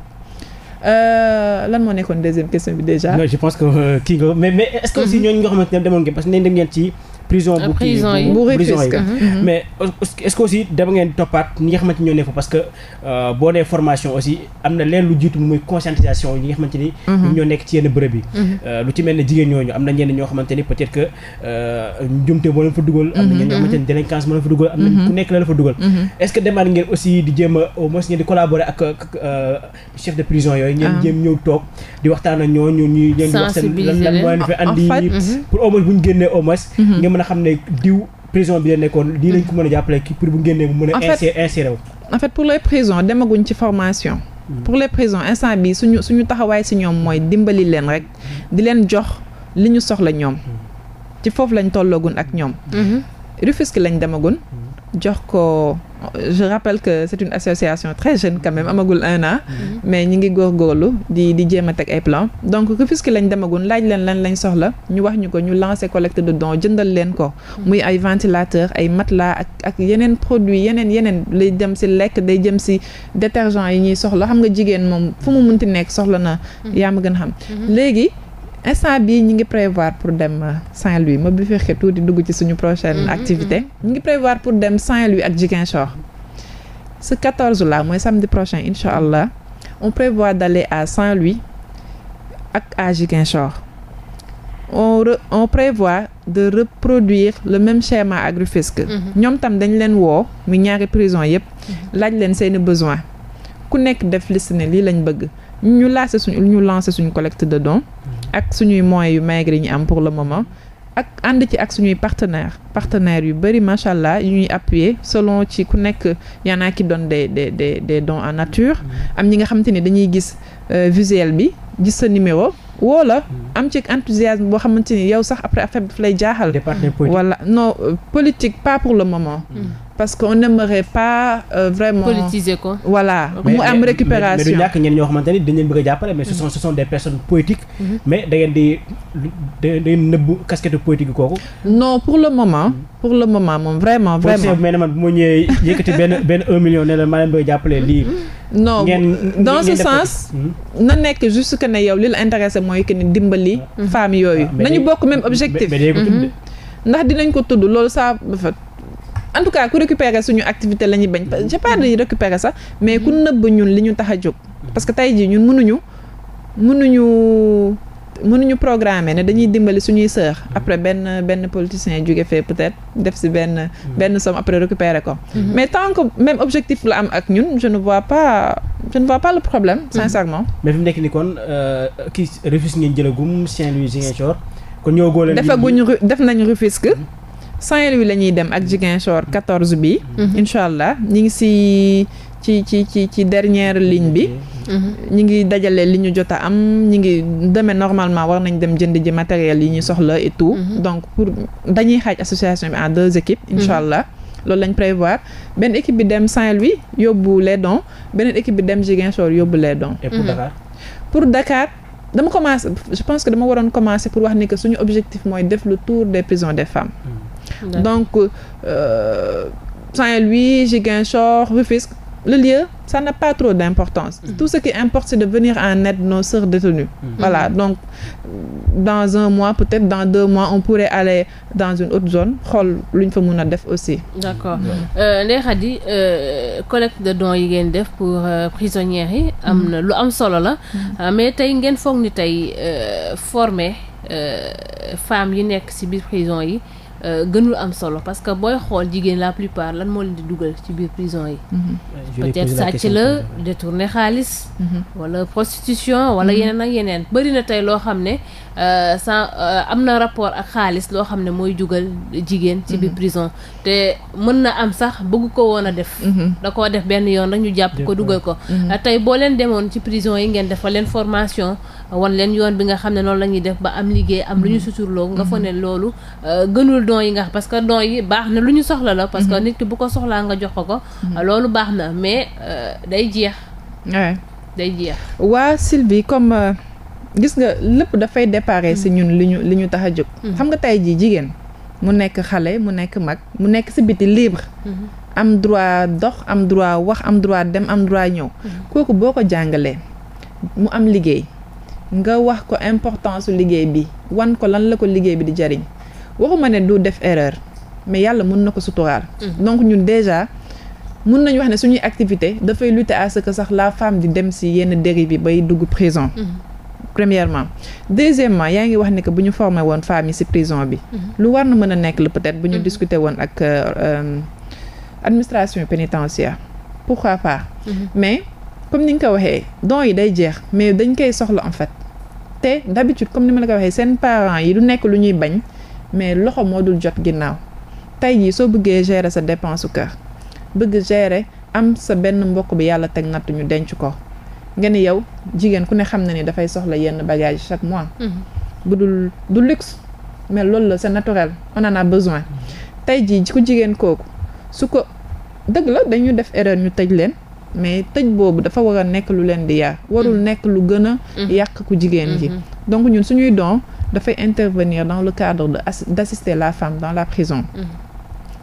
C: euh, lan moo nekkoon deuxième question bi déjà non je pense
B: que euh, kii nga mais mais mhm. ñooñu nga xamante ne demoon ngeen parce que nañ dem ngeen ci prison ah, bu kii bu prison yi mhm. mais est-ce que aussi dama ngeen toppaat ñi nga xamante ñoo ne fa parce que euh, boo nee formation aussi am na leen lu jiitu muy conscientisation yi nga xamante ni mhm. ñoo nekk ci yenn bërëb yi mhm. euh, lu ci mel ne jigéen ñooñu am na ñenn ñoo xamante ni peut-être que euh, njumte moo leen fa dugal am na ñenn ñoo xamante ni délinquance moo leen fa dugal am na ku nekk la la fa dugal est-ce que demaat ngeen aussi di jéem a au moins ngeen di collaborer ak chef de prison yooyu ngeen ah. jéem ñëw toog di waxtaan ak ñoo ñu ñuy leen di wax seen lan moo leen ah, fi andi pour au moins bu ñu génnee au moins mën a xam ne diw prison
C: bi la nekkoon lii lañ ko mën a jàppale kii pour bu génnee mu mën a insérer wu en fait pour les prisons demaguñ ci formation hmm. pour les prisons instant bi suñu suñu taxawaay si ñoom mooy dimbali leen rek di leen jox li ñu soxla ñoom hmm. ci foofu lañ tolloogun ak ñoom hmm. Rufisque lañ demagun jox ko je rappelle que c'est une association très jeune quand amagul un an mhm. mais ñi ngi góorgóorlu di di jéem a teg ay plan donc Rufisque lañ demagun laaj leen lan lañ soxla ñu wax ñu ko ñu lancé collecte de dons jëndal leen ko mhm. muy ay ventilateur ay matelas ak ak yeneen produit yeneen yeneen lay dem si lekk day jëm si détergent yi ñuy soxla xam nga jigéen moom fu mu munti nekk soxla naa mhm. yaa ma gën a xam léegi instant bii ñi ngi prévoir pour dem Saint-Louis ma bi fexe tuuti dugg ci suñu prochaine mm-hmm. activité ñi ngi prévoir pour dem Saint-Louis ak Ziguinchor ce 14 là mooy samedi prochain incha allah on prévoit d'aller à Saint-Louis ak à Ziguinchor on re, on prévoit de reproduire le même schéma ak Rufisque mm-hmm. ñoom tam dañ leen woo muy ñaari prison yëpp mm-hmm. laaj leen seeni besoin ku nekk def liste ne lii lañ bëgg ñu lancer suñu ñu lancer suñu collecte de dons ak suñuy moyens yu maigre yi ñu am pour le moment ak ànd ci ak suñuy partenaires partenaires yu bëri macha allah yu ñuy appuyer selon ci ku nekk y en a qui donne des des des des en nature mm-hmm. am ñi nga xamante ni dañuy gis euh, visuel bi gis sa numéro woo la mm-hmm. am ci enthousiasme boo xamante ni yow sax après affaire bi daf lay jaaxal. wala no euh, politique pas pour le moment. Mm-hmm. parce que on n'aimerait pas euh, vraiment. politiser ko voilà. mu am récupération mais du ñàkk
B: ñenn ñoo xamante ni dañ leen bëgg a jàppale mais ce mm-hmm. sont ce sont des personnes politiques. Mm-hmm. mais da ngeen di da nëbbu casquette politique kooku. non pour le moment. Mm-hmm. pour le moment moom vraiment. vraiment mais man bu ma ñëwee yëkkati benn benn un million ne la maa leen bëgg
C: na nekk juste que ne yow li la intéressé mooy que ni dimbali. femmes yooyu ah, nañu bokk même objectif. ndax dinañ ko tudd loolu ça en en tout cas ku récupérer suñu activité la ñuy bañ mm-hmm. j'ai pas de récupérer sax mais ku nëbb ñun li ñu tax a jóg mm-hmm. parce que tey jii ñun mënuñu mënuñu mënuñu programmer ne dañuy dimbali suñuy sœur mm-hmm. après benn benn politicien jóge fee peut-être def si benn benn somme après récupérer ko mais tant que même objectif la am ak ñun je ne vois pas je ne vois pas le problème sincèrement mais fi mu nekk ni kon euh, kii Rufisque ngeen jëlagum
B: Saint-Louis Ziguinchor kon ñëwagoo leen defaguñu
C: def nañu Rufisque Saint-Louis la ñuy dem ak Ziguinchor 14 bi. Mhm. incha allah ñu ngi si ci ci ci ci dernière ligne bi. Mhm. ñu ngi dajale li ñu jot a am ñu ngi demee normalement war nañ dem jënd ji matériel yi ñuy soxla et mhm. donc pour dañuy xaaj association bi en deux équipes. incha allah loolu lañ prévoir benn équipe bi dem Saint-Louis yóbbu les dons beneen équipe bi dem Ziguinchor yóbbu les dons. et pour Dakar. pour Dakar. dama commencé je pense que dama waroon commencer pour wax ni que suñu objectif mooy def le tour des des femmes. donc euh, Saint-Louis Ziguinchor Rufisque le lieu ça n'a pas trop d'importance mhm. tout ce qui importe c'est de venir en aide nos sœurs détenues mhm. voilà donc dans un mois peut-être dans deux mois on pourrait aller dans une autre zone xool lu ñu fa mun a def aussi d'accord
A: Ndeye euh, Khady euh, collecte de dons yi ngeen def pour euh, prisonnières yi am mhm. na lu am solo la mais tey ngeen foog ni tey former femmes yi nekk ci biir prison yi Euh, gënul am solo parce que booy xool jigéen la plupart lan moo leen di dugal ci biir prison yi. Mhm. peut-être sàcc la détourné xaalis. Mhm. wala prostitution wala mhm. yeneen ak yeneen. bëri na tey loo xam ne euh, sans euh, am na rapport ak xaalis loo xam ne mooy jugal jigéen. ci biir prison te mën na am sax bëgg ko woon a def. da koo def benn yoon rek ñu jàpp ko dugal ko. tey boo leen demoon ci prison yi ngeen defal leen formation. wan leen yoon bi nga xam ne noonu lañuy def ba am liggéey am lu ñu mhm. suturloo nga foog ne mhm. loolu euh, gënul don yi nga parce que don yi baax na lu ñu soxla la parce que mhm. nit ki bu ko soxlaa nga jox ko ko loolu baax na mais euh, day jeex day jeex
C: waa Sylvie comme euh, gis nga lépp dafay déparé si ñun li ñu li ñu tax a jóg xam nga tey jii jigéen mu nekk xale mu nekk mag mu nekk si biti libre am droit dox am droit wax am droit dem am droit ñëw kooku boo ko jàngalee mu am liggéey nga wax ko importance liggéey bi wan ko lan la ko liggéey bi di jariñ waxuma ne du def erreur mais yàlla mun na ko suturaal. Mm. donc ñun déjà mun nañu wax ne suñuy activité dafay lutter à ce que sax la femme di dem si yenn dérive yi bay dugg prison. Mm. premièrement deuxièmement yaa ngi wax ne que bu ñu formé woon femme yi si prison bi. Mm. lu war na mën a nekk la peut-être bu ñu discuter woon ak euh, euh, administration pénitentiaire pourquoi pas. mais comme ni nga ko waxee don yi day jeex mais dañ koy soxla en fait te d'habitude comme ni ma la ko waxee seen parents yi du nekk lu ñuy bañ mais loxo moo dul jot ginnaaw tey jii soo bëggee gérer sa dépense su kër bëgg gere am sa benn mbokk bi yàlla teg nattu ñu denc ko nga ni yow jigéen ku ne xam na ni dafay soxla yenn bagage chaque mois. Mhm. bu dul du luxe mais loolu la c'est naturel on en a besoin mhm. tey jii ku jigéen kooku su ko dëgg la dañu def erreur ñu tëj leen. mais tëj boobu dafa war a nekk lu leen di yar warul mm-hmm. nekk lu gën a mm-hmm. yàq ku jigéen ji mm-hmm. donc ñun suñuy doom dafay intervenir dans le cadre de d'assister la femme dans la prison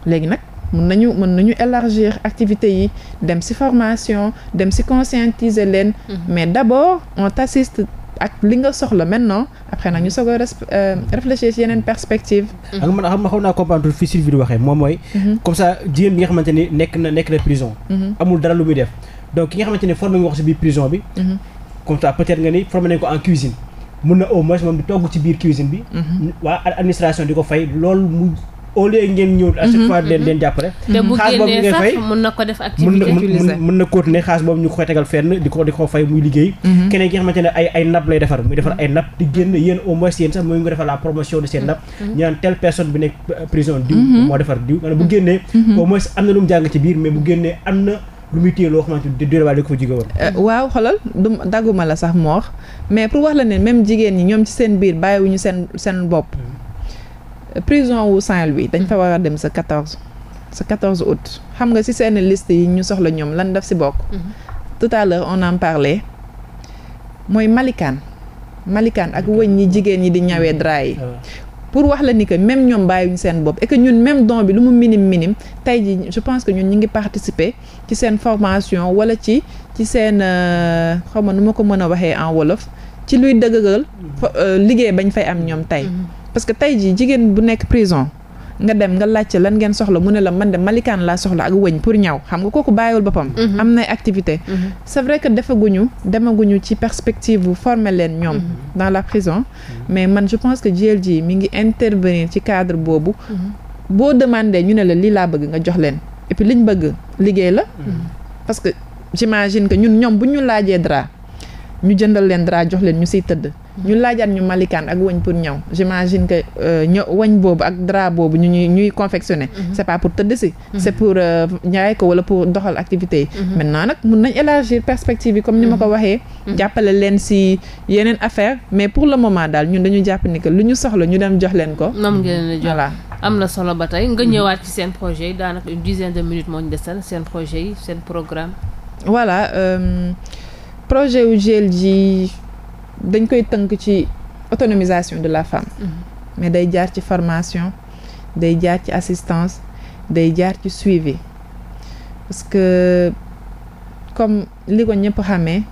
C: léegi nag mun nañu mën nañu élargir activités yi dem si formation dem si conscientiser leen mais d'abord on t'assiste ak li nga soxla maintenant après nag ñu soog a euh, réfléchir ci yeneen perspective ak man xam
B: nga xaw naa comprendre fii Sylvie di waxee moom mooy mhm. comme ça jigéen bi nga xamante ni nekk na nekk na prison mhm. amul dara lu muy def donc ki nga xamante ni formé nga wax si biir prison bi mhm. comme ça peut nga ni formé nañ ko en cuisine mun na au moins moom di togg ci biir cuisine bi waa administration di ko fay loolu mu au lieu ngeen ñëw à chaque mhm, fois leen mhm. leen jàppale xaalis boobu ngay fay
A: mën na ko def activité utilisée
B: mën na continuer xaalis boobu ñu ko koy tegal fenn di ko di ko fay muy liggéey mhm. keneen ki xamante ne ay ay lay defar muy defar ay napp di génn yéen au moins yéen sax mooy nga defar la promotion de seen napp ñu naan personne bi nekk prison diw moo defar diw maanaam bu
C: génnee au moins am na lu mu jàng ci biir mais bu génnee am na lu muy téye loo xamante ni déedéet waaye da ko fa jóge woon. Euh, waaw du dagguma la seen biir prison wu saint bi dañ fa war a dem sa 14 sa 14 août xam nga ci seen liste yi ñu soxla ñoom lan daf si bokk. Mhm. tout à l'heure on en mooy malikaan malikaan ak wëñ yi jigéen ñi di ñawee mhm. drap yi. Ah. pour wax la ni que même ñoom ñu seen bopp et que ñun même don bi lu mu minim minim tey ji je pense que ñun ñu ngi participer ci seen formation wala ci ci seen euh, xaw ma nu ma ko mën a waxee en wolof ci luy dëgëral mhm. euh, liggéey bañ fay am ñoom tey. parce que tey jii jigéen bu nekk prison nga dem nga laajte lan ngeen soxla mu ne la man de malikaan laa soxla ak wëñ pour ñaw xam nga kooku bàyyiwul boppam. Mhm. am nay activité mhm. c'est vrai que defaguñu demaguñu ci perspective bu former leen ñoom. Mhm. dans la prison. mais man je pense que JLJ mi ngi intervenir ci cadre boobu. boo demandé ñu ne la lii laa bëgg nga jox leen et puis liñ bëgg liggéey la. parce que j'imagine que ñun ñoom bu ñu laajee dara. ñu jëndal leen dara jox leen ñu siy tëdd. ñu laajaat ñu malikaan ak wañ pour ñaw j'imagine que euh, ño wañ boobu ak dara boobu ñu ñuy ñuy confectionné. Mm-hmm. c'est pas pour tëdd si. Mm-hmm. c'est pour ñaay euh, ko wala pour doxal activité yi. Mm-hmm. maintenant nag mun nañ élargir perspective yi comme ni ma ko waxee. jàppale leen si yeneen affaire mais pour le moment daal ñun dañu jàpp ni que lu ñu soxla ñu dem jox leen ko. nam ngeen leen jox
A: am na solo ba tey nga ñëwaat ci seen projet yi daanaka une dizaine de minutes moo ñu desal seen projet yi seen programme.
C: Euh, projet wu GEL ji dañ koy tënk ci autonomisation de la femme. Mhm. mais day jaar ci formation day jaar ci assistance day jaar ci suivi parce que comme li ko ñëpp xamee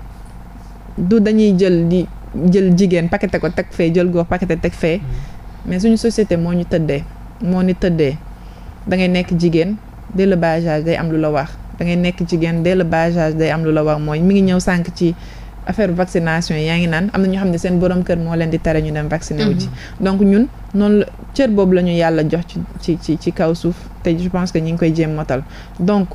C: du dañuy jël di jël jigéen paquete ko teg fee jël góor paquete teg fee. Mhm. mais suñu société moo ñu tëddee moo ni tëddee da ngay nekk jigéen dès le day am lu la wax. da ngay nekk jigéen dès le bas âge day am lu la war mooy mi ngi ñëw sànq ci affaire vaccination yaa ngi naan am na ñoo xam ne seen borom kër moo leen di tere ñu dem vacciné wu ci mm-hmm. donc ñun noonu la cër boobu la ñu yàlla jox ci ci ci ci kaw suuf te je pense que ñu ngi koy jéem motal donc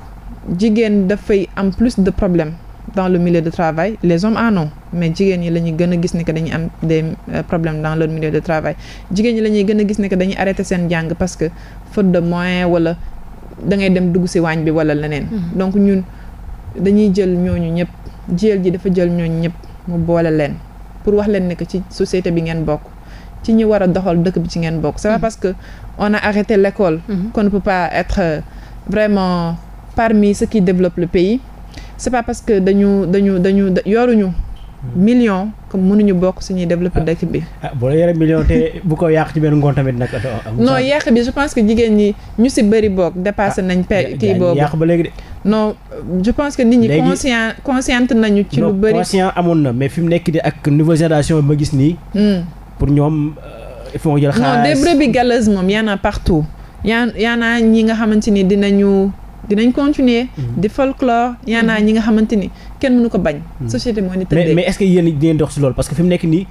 C: jigéen dafay am plus de problème dans le milieu de travail les hommes en ah ont mais jigéen ñi la ñuy gën a gis ne que dañuy am des euh, problèmes dans leur milieu de travail jigéen ñi la gën gis ne que dañuy arrêté jàng dangay dem dugg si waañ bi wala leneen. Mhm. donc ñun dañuy jël ñooñu ñëpp jël ji dafa jël ñooñu ñëpp mu boole leen pour wax leen ne que ci société bi ngeen bokk ci ñi war a doxal dëkk bi ci ngeen bokk. c'est pas mhm. parce que on a arrêté l'école mhm. qu'on ne peut pas être euh, vraiment parmi ceux qui développent le pays c'est pas parce que dañu dañu dañu yoruñu. million comme mënuñu bokk suñuy développer ah. dëkk bi. ah boo million te bu ko yàq ci benn ngoon tamit nag. non yàq bi je pense que jigéen ñi ñu si bëri bokk. dépassé ah, nañ pe kii boobu yàq ba léegi de. non je pense que nit ñi. léegi conscient consciente nañu. ci lu bëri conscient
B: amoon na mais fi mu nekk di ak nouvelle génération ma gis nii. Hmm. pour ñoom euh, il faut jël xaalis. non des brebis
C: galeuses moom yaa naa partout. yaa yaa naa ñi nga xamante ni dinañu dinañ continuer. Hmm. di folklore yaa hmm. ñi nga xamante ni. kenn mënu ko bañ. Hmm. société moo ni tëddee mais est-ce que
B: yéen di ngeen dox si loolu parce que fi nekk nii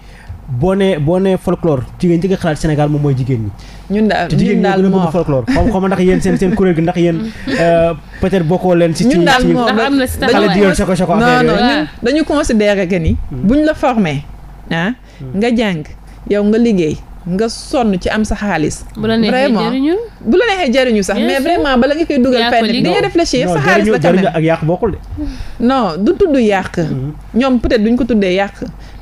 B: boo nee boo nee folklore jigéen ñi nga xalaat Sénégal moom mooy jigéen ñi. ñun
C: daal ñun daal moo wax te jigéen a bëgg folklore xam xam ndax yéen seen seen kuréel
B: gi ndax yéen euh, peut bokkoo leen. ci ci ci ndax am na si tamit xale di yoon soko soko non ñun
C: dañu considérer que ni. Hmm. buñ la formé ah, hmm. nga jàng yow nga liggéey nga sonn ci am sa xaalis. bu la neexee jëriñu bu la neexee jariñu sax mais vraiment bala nga koy dugal. fenn di nga réfléchir sa xaalis la quand même non ak yàq bokkul de. non du tudd yàq. Mm-hmm. ñoom peut-être duñ ko tuddee yàq.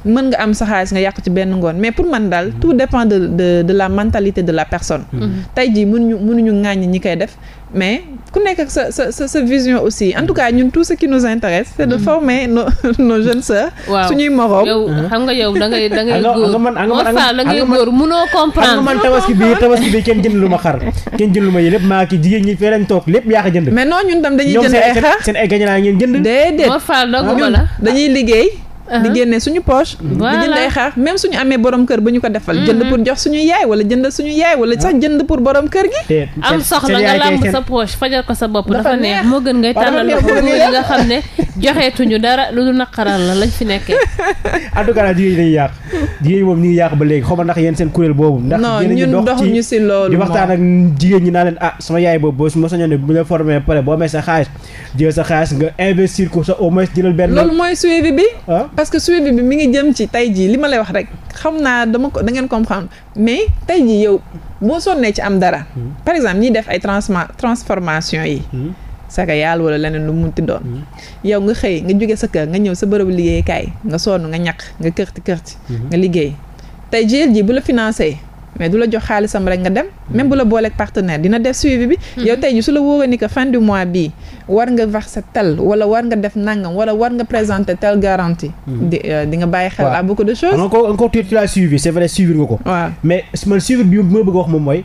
C: mën nga am sa xaalis nga yàq ci benn ngoon mais pour man daal tout dépend de de de la mentalité de la personne mm-hmm. Mm-hmm. tey jii mënuñu mënuñu ŋàññ ñi koy def mais ku nekk ak sa sa sa vision aussi en tout cas ñun tout ce qui nous intéresse c'est de mm-hmm. former nos nos jeunes sœurs suñuy
A: moroom xam nga yow da ngay da ngay góor man da ngay góor munoo comprendre tabaski
B: bi tabaski bi kenn jënd lu ma xar kenn jënd lu ma yi lépp maa ki jigéen ñi fee
C: lañ toog lépp yaa ko jënd mais non ñun tam dañuy dañuy liggéey di uh-huh. génne suñu poche di jënd ay xaar même suñu amee borom kër ba ñu ko defal jënd mm-hmm. pour jox suñu yaay wala jënd suñu yaay wala sax ah. jënd pour borom kër gi am soxla nga làmb sa
A: poche fajal ko sa bopp dafa neex moo gën
C: ngay tànnal li nga xam ne dara lu dul
A: naqaral la lañ fi nekkee
B: en tout cas daal ba léegi xaw ma ndax seen kuréel boobu ndax ñun doxuñu si loolu di ñi naa leen ah sama yaay boobu boo ma sañoon ne bu la formé pare boo amee sa xaalis jël sa xaalis nga investir ko sa au moins jëlal benn loolu mooy
C: suivi bi ah? parce que suivi bi mu ngi jëm ci tey jii li ma lay wax rek xam naa dama ko dangeen ngeen comprendre mais tey jii yow boo sonnee ci am dara. Hmm. par exemple ñiy def ay transma transformation yi. Hmm. saka yàlla wala leneen lu mun ti doon. Hmm. yow nga xëy nga jóge sa kër nga ñëw sa bërëbu liggéeykaay nga sonn nga ñaq nga kërti kërti. nga liggéey tey jii ji bu la financé. mais du la jox xaalisam rek nga dem même bu la booleeg partenaire dina def suivi bi mm-hmm. yow tey ji su la wóoree ni que fin du mois bii war nga wax vaccin tel wala war nga def nangam wala war nga présenter telle garantie mm-hmm. di euh, di nga bàyyi xel à beaucoup
B: de choses ah, encore encore tu l'as suivi c'est vrai suivre nga ko waaw mais man suivre bi ma bëgg wax moom mooy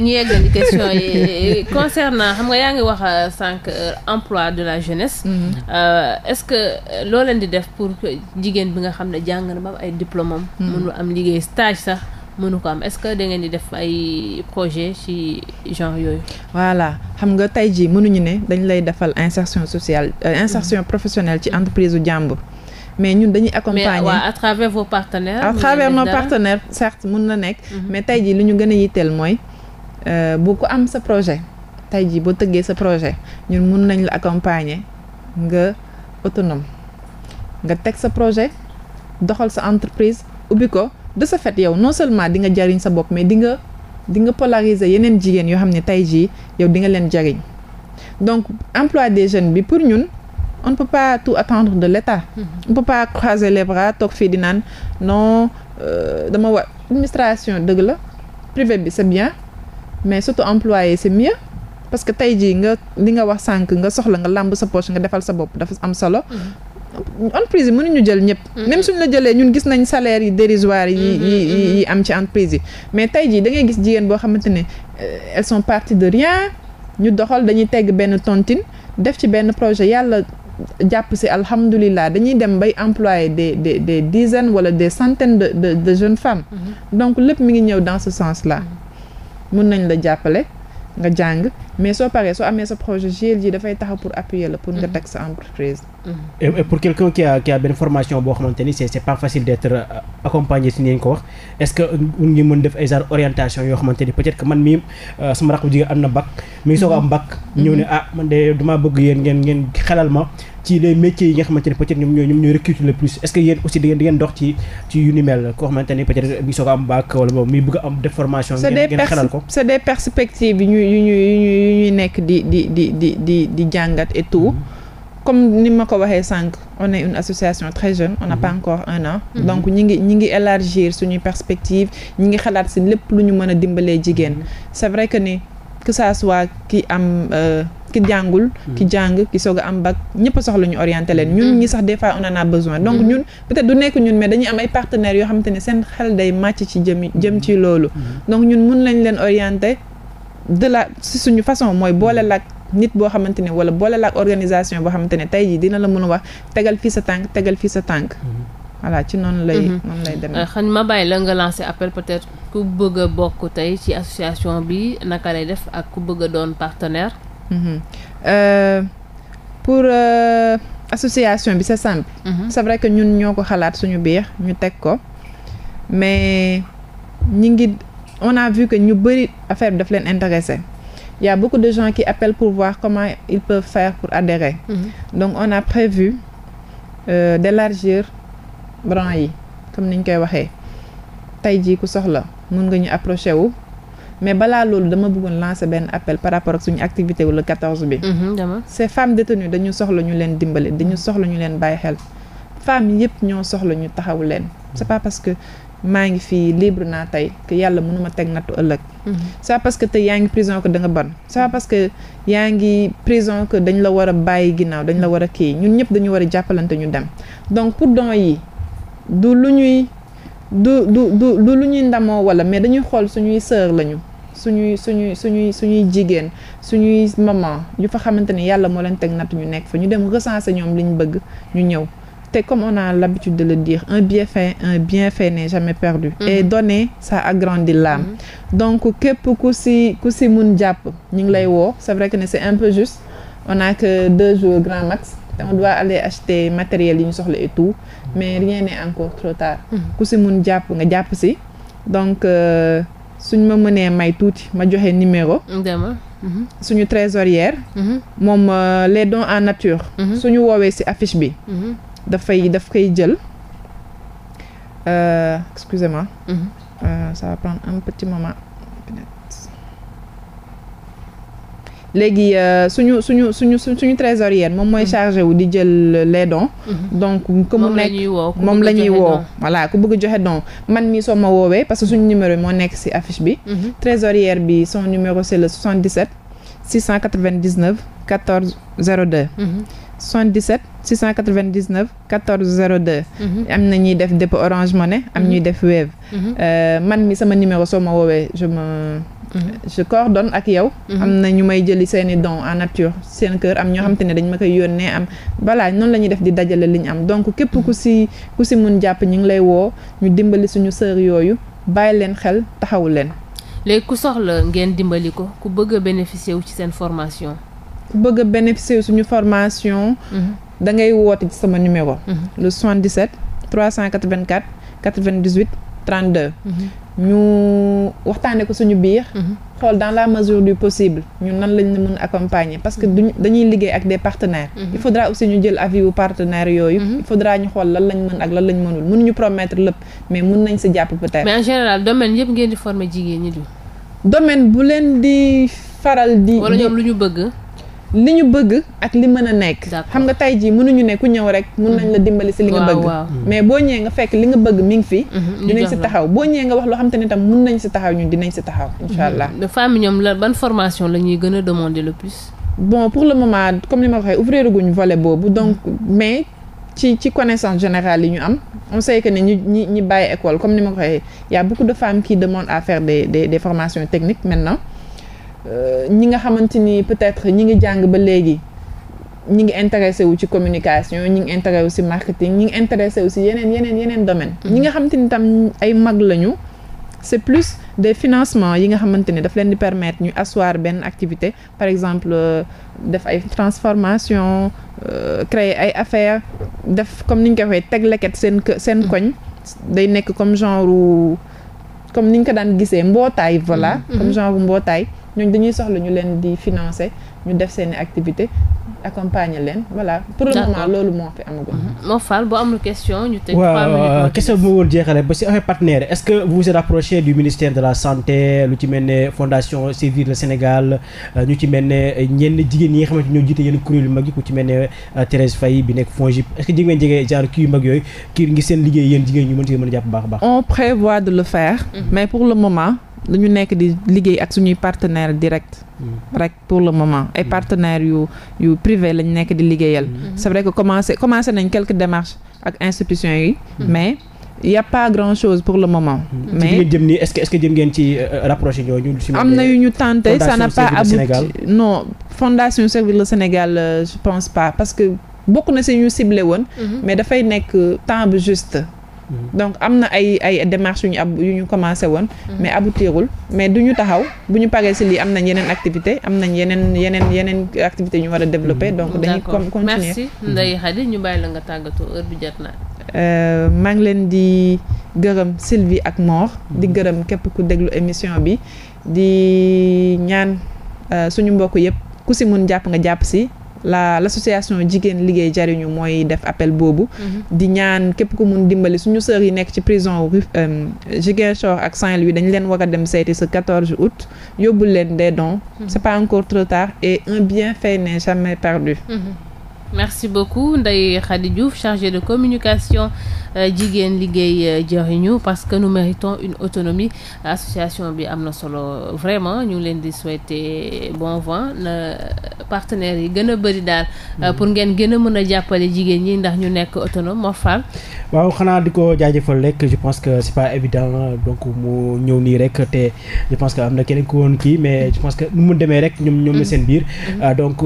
A: ñu yeggali question yi concernant xam nga yaa ngi wax euh, sànq euh, emploi de la jeunesse. Mm-hmm. Euh, est-ce que loo leen di def pour jigéen bi nga xam ne jàng na ba ay diplôme am. Mm-hmm. mënul am liggéey stage sax. mënu ko am est-ce que dangeen di def ay projet ci genre yooyu.
C: voilà xam nga tey jii mënuñu ne dañ lay defal insertion sociale euh, insertion mm-hmm. professionnelle ci entreprise u jàmbur. mais ñun dañuy accompagner mais ouais,
A: à travers vos partenaires. à travers nos partenaires
C: certes mën na nekk. mais tey jii li ñu gën a yitteel mooy. Euh, bu ko am sa projet tey jii boo tëggee sa projet ñun mun nañ la accompagner nga autonome nga teg sa projet doxal sa entreprise ubbi ko de sa fait yow non seulement di nga jariñ sa bopp mais di nga di nga polariser yeneen jigéen yoo xam ne tey jii yow di nga leen jariñ donc emploi des jeunes bi pour ñun on ne tout attendre de l'État mm-hmm. on ne peut pas croiser les bras toog fii di naan non euh, dama wa administration dëgg la privé bi c'est bien mais surtout employé c'est mieux parce que tey jii nga li nga wax sànq nga soxla nga làmb sa poche nga defal sa bopp dafa am solo. Mm-hmm. entreprise yi ñu jël ñëpp. Mm-hmm. même suñ la jëlee ñun gis nañu salaire yi dérisoire yi mm-hmm. yi am ci entreprise yi mais tey jii da ngay gis jigéen boo xamante ne euh, elles sont parties de rien ñu doxal dañuy teg benn tontine def ci benn projet yàlla. jàpp si alhamdulilah dañuy dem bay employé des des des dizaines wala des centaines de de de jeunes femmes. Mm lépp mi ngi ñëw dans ce sens mun nañ la jàppale nga jàng mais soo paree soo amee sa projet GIE dafay taxaw pour appuyer la pour nga mm-hmm. teg sa entreprise.
B: et pour quelqu'un qui a benn formation boo xamante c'est c'est pas facile d'être euh, accompagné si ngeen ko wax est que ngi mën def ay genre orientation yoo xamante ni peut man mii euh, sama rakk bu jigéen am na bac. mi ngi soog am bac. Mm-hmm. ñëw ne ah am bac wala boobu mi am def formation. ngeen xelal ko
C: c'est des perspectives yu ñuy yu ñuy yu ñuy nekk di di di di di di jàngat et tout mm-hmm. comme ni ma ko waxee sànq on est une association très jeune on n'a pas mm-hmm. encore un an mm-hmm. donc ñu ngi ñi ngi élargir suñuy perspective ñu ngi xalaat si lépp lu ñu mën a dimbalee jigéen c'est vrai que ni que ça soit ki am euh, ki jàngul ki jàng ki soog am bac ñëpp soxla ñu orienté leen ñun ñi sax des fois on en a besoin donc ñun peut-être du nekk ñun mais dañuy am ay partenaires yoo xamante ne seen xel day màcc ci jëm jëm ci loolu donc ñun mun de la si suñu façon mooy boole laag nit boo xamante ne wala boole laag organisation boo xamante ne tey jii dina la mën a wax tegal fii sa tànk tegal fii sa tànk. voilà ci noonu lay. Mhm. noonu lay demee euh,
A: xan ma bàyyi la nga lancer appel peut-être ku bëgg a bokk tey ci association bi naka lay def ak ku bëgg a doon partenaire.
C: Mhm. Euh, pour euh, association bi c'est simple. Mhm. c'est vrai que ñun ñoo ko xalaat suñu biir ñu teg ko mais ñi ngi. on a vu que ñu bëri affaire bi daf leen intéressé y a beaucoup de gens qui appellent pour voir comment ils peuvent faire pour adhérer mm -hmm. donc on a prévu euh, d'élargir yi comme ni ñu koy waxee tey jii ku soxla mun nga ñu approché wu mais balaa loolu dama bëggoon lancer benn appel par rapport ak suñu activité wu le 14 bi mhm, ces femmes détenues dañu soxla ñu leen dimbali dañu mhm. soxla ñu leen bàyyi xel femmes yëpp ñoo soxla ñu taxaw leen c'est pas parce que maa ngi fii libre naa tey que yàlla mënuma teg nattu ëllëg mhm. ça parce que tey yaa ngi prison que da nga bon ça parce que yaa ngi prison que dañ la war a bàyyi ginnaaw dañ la war a kii ñun ñëpp dañu war a jàppalante ñu dem donc pour don yi du lu ñuy du du du lu ñuy ndamoo wala mais dañuy xool suñuy sœur lañu suñuy suñuy suñuy suñuy jigéen suñuy maman yu fa xamante ni yàlla moo leen teg natt ñu nekk fa ñu dem recenser ñoom li ñu bëgg ñu ñëw te comme on a l'habitude de le dire un bien fait un bien fait n'est jamais perdu mm -hmm. et donner ça agrandit l'âme mm-hmm. donc képp ku si ku si mun jàpp ñu ngi lay woo c'est vrai que ne c'est un peu juste on a que deux jours grand max on doit yi ñu soxla et tout mais rien n'est encore trop tard mm-hmm. ku si mun jàpp nga jàpp si donc euh, suñ ma mënee may tuuti ma joxe numéro mm-hmm. suñu trésorière moom euh, les dons en nature suñu woowee si affiche bi dafay daf koy jël euh, excusez-moi. Mm-hmm. Euh, ça va prendre un petit moment. léegi euh, suñu suñu suñu suñu trésorière moom mooy mm-hmm. chargé wu di jël les dons. Mm-hmm. donc ku mu nekk moom la ñuy woo voilà ku bëgg joxe don man mii soo ma woowee parce que suñu numéro moo nekk ci affiche bi. trésorière bi son numéro c'est le 77 699 14 02. 77 699 14 02. am na ñuy def dépôt Orange Money am mhm. ñuy def Wave. Mhm. Euh, man mi sama numéro soo ma woowee je me. Mhm. je coordonne ak yow. am na ñu may jëli seen i dons en seen kër am ñoo xam ne dañ ma koy yónnee am balaa noonu la ñuy def di dajale li ñu am donc képp ku si ku si mun jàpp ñu ngi lay woo ñu dimbali suñu sœur yooyu bàyyi leen xel taxawu leen.
A: léegi ku soxla ngeen dimbali ko ku bëgg a bénéficier wu ci seen formation.
C: ku bëgg a suñu formation. da ngay woote ci sama numéro. Mhm. le 77 384 98 32. ñu waxtaanee ko suñu biir. Mhm. xool dans la mesure du possible ñun nan lañ mën accompagner parce que duñ dañuy liggéey ak des partenaires. Mhm. il faudra aussi ñu jël avis wu partenaires yooyu. il faudra ñu xool lan lañ mën ak lan lañ mënul mënuñu promettre lépp mais mën nañ si jàpp peut-être. mais en général
A: domaine yëpp ngeen di former jigéen ñi du.
C: domaine bu leen di faral di. wala lu ñu bëgg. li ñu bëgg ak li mën a nekk xam nga tey jii mënuñu ne ku ñëw rek mën nañ la dimbali si li nga bëgg mm-hmm. mais boo ñëwee nga fekk li nga bëgg mi ngi fi mm-hmm. dinañ si taxaw boo ñëwee nga wax loo xam te ne tam mën nañ si taxaw ñun dinañ si taxaw mm-hmm. incha allah
A: femmes ñoom la ban formation la ñuy gën a demander le plus
C: bon pour le moment comme ni ma waxee ouvrir guñ volet boobu donc mais ci ci connaissance générale yi ñu am on sait que ne ñu ñi ñi bàyyi école comme ni ma ko waxee a beaucoup de femmes qui demandent à faire maintenant Euh, ñi nga xamante ni peut-être ñi ngi jàng ba léegi ñi ngi intéressé wu ci communication ñi ngi intéressé wu ci marketing ngi intéressé wu ci yeneen yeneen domaine mhm. ñi nga xamante ni tam ay mag lañu c'est plus des financement yi nga xamante ni daf leen di permettre ñu assoir benn activité par exemple euh, def ay transformation euh, créer ay affaires def comme ni ñu ko waxee teg leket seen seen mhm. koñ day nekk comme genre comme ni ñu ko daan gisee mbootaay voilà mhm. comme genre mbootaay ñooñu dañuy soxla ñu leen di financer ñu def seen i activité accompagner leen voilà pour la moment loolu moo fi amagul. Mhm. moo Fall boo amul question ñu
A: tëj.
B: waaw question bi jeexale ba si affaire partenaire est-ce que vous vous êtes rapproché du ministère de la santé lu ci mel ne fondation Servir le Sénégal euh, ñu ci mel ne ñenn jigéen ñi nga xamante ñoo jiite yenn kuréel yu mag yi ku ci mel ne euh, Thérèse Faye bi nekk FONGIP est-ce que jigéen jege genre kii mag yooyu kii ngi seen liggéey yéen jigéen ñu
C: mën si dañu nekk di liggéey ak suñuy partenaire direct mm. rek pour le moment ay mm. partenaires yu yu privé lañ nekk di liggéeyal mm. c'est vrai que commencé commencé nañ quelques démarches ak institutions yi mais il y pas grand chose pour le moment. mais jëm nii jëm ngeen ci euh, rapproché ñooñu. am na yu ñu tenté ça n'a pas abouti fondation Servir le Sénégal euh, je pense pas parce que bokk na si ñu ciblé woon. Mm-hmm. mais dafay nekk temps bu juste. Mm-hmm. donc am na ay ay démarches yu ñu ab yu ñu commencé woon. Mm-hmm. mais aboutirul mais du ñu taxaw bu ñu paree si lii am nañ yeneen activité am nañ yeneen yeneen yeneen activité ñu war a développer. Mm-hmm. donc dañuy continuer merci
A: Ndeye Khady ñu bàyyi la nga tàggatoo heure bi jot
C: naa. Euh, maa ngi leen di gërëm Sylvie ak Mor. di gërëm képp ku déglu émission bi di ñaan euh, suñu mbokk yëpp ku si mun jàpp nga jàpp si. la l'association jigéen liggéey jariñu mooy def appel boobu mhm. di ñaan képp ku mun dimbali suñu sœurs yi nekk ci prison euh, Ziguinchor ak Saint-Louis dañ leen war a dem seeti ce 14 août yóbbul leen des dons mhm. c'est pas encore trop tard et un bienfait n'est jamais perdu
A: mhm. merci beaucoup Ndeye Khady Diouf chargée de communication Euh, jigéen liggéey euh, jariñu parce que nous méritons une autonomie association bi am na solo vraiment ñu ngi leen di souhaiter bon vent na partenaires yi gën a bëri daal. Euh, pour ngeen gën a mën a jàppale jigéen ñi ndax ñu nekk autonome moo
B: faal. waaw xanaa di ko jaajëfal lekk je pense que c'est pas évident donc mu ñëw nii rek te je pense que am na keneen ku woon kii mais je pense que nu mu demee rek ñoom ñoom la seen biir. Mm-hmm. donc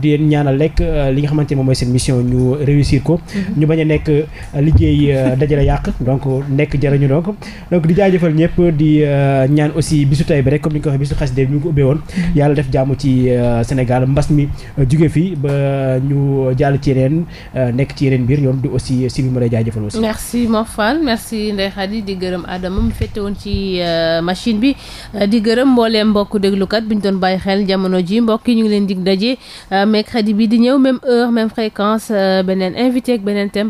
B: di leen ñaanal lekk li nga xamante ne moom mooy seen mission ñu réussir ko. Mm-hmm. di euh, dajale yàq donc nekk jëriñu donc donc di jaajëfal ñëpp di euh, ñaan aussi bisu tay bi rek comme ni ko waxee bisu xasida bi ñu ko ubbee woon yàlla def jàmm ci euh, Sénégal mbas mi jóge fi ba ñu jàll ci yeneen nekk ci yeneen mbir ñoom di aussi si bi ma lay jaajëfal aussi
A: merci Mor Fall merci Ndeye Khady di gërëm Adama mu fette woon ci machine bi di gërëm mbooleem mbokk déglukat bi ñu doon bàyyi xel jamono ji mbokk ñu leen dig daje mercredi bi di ñëw même heure même fréquence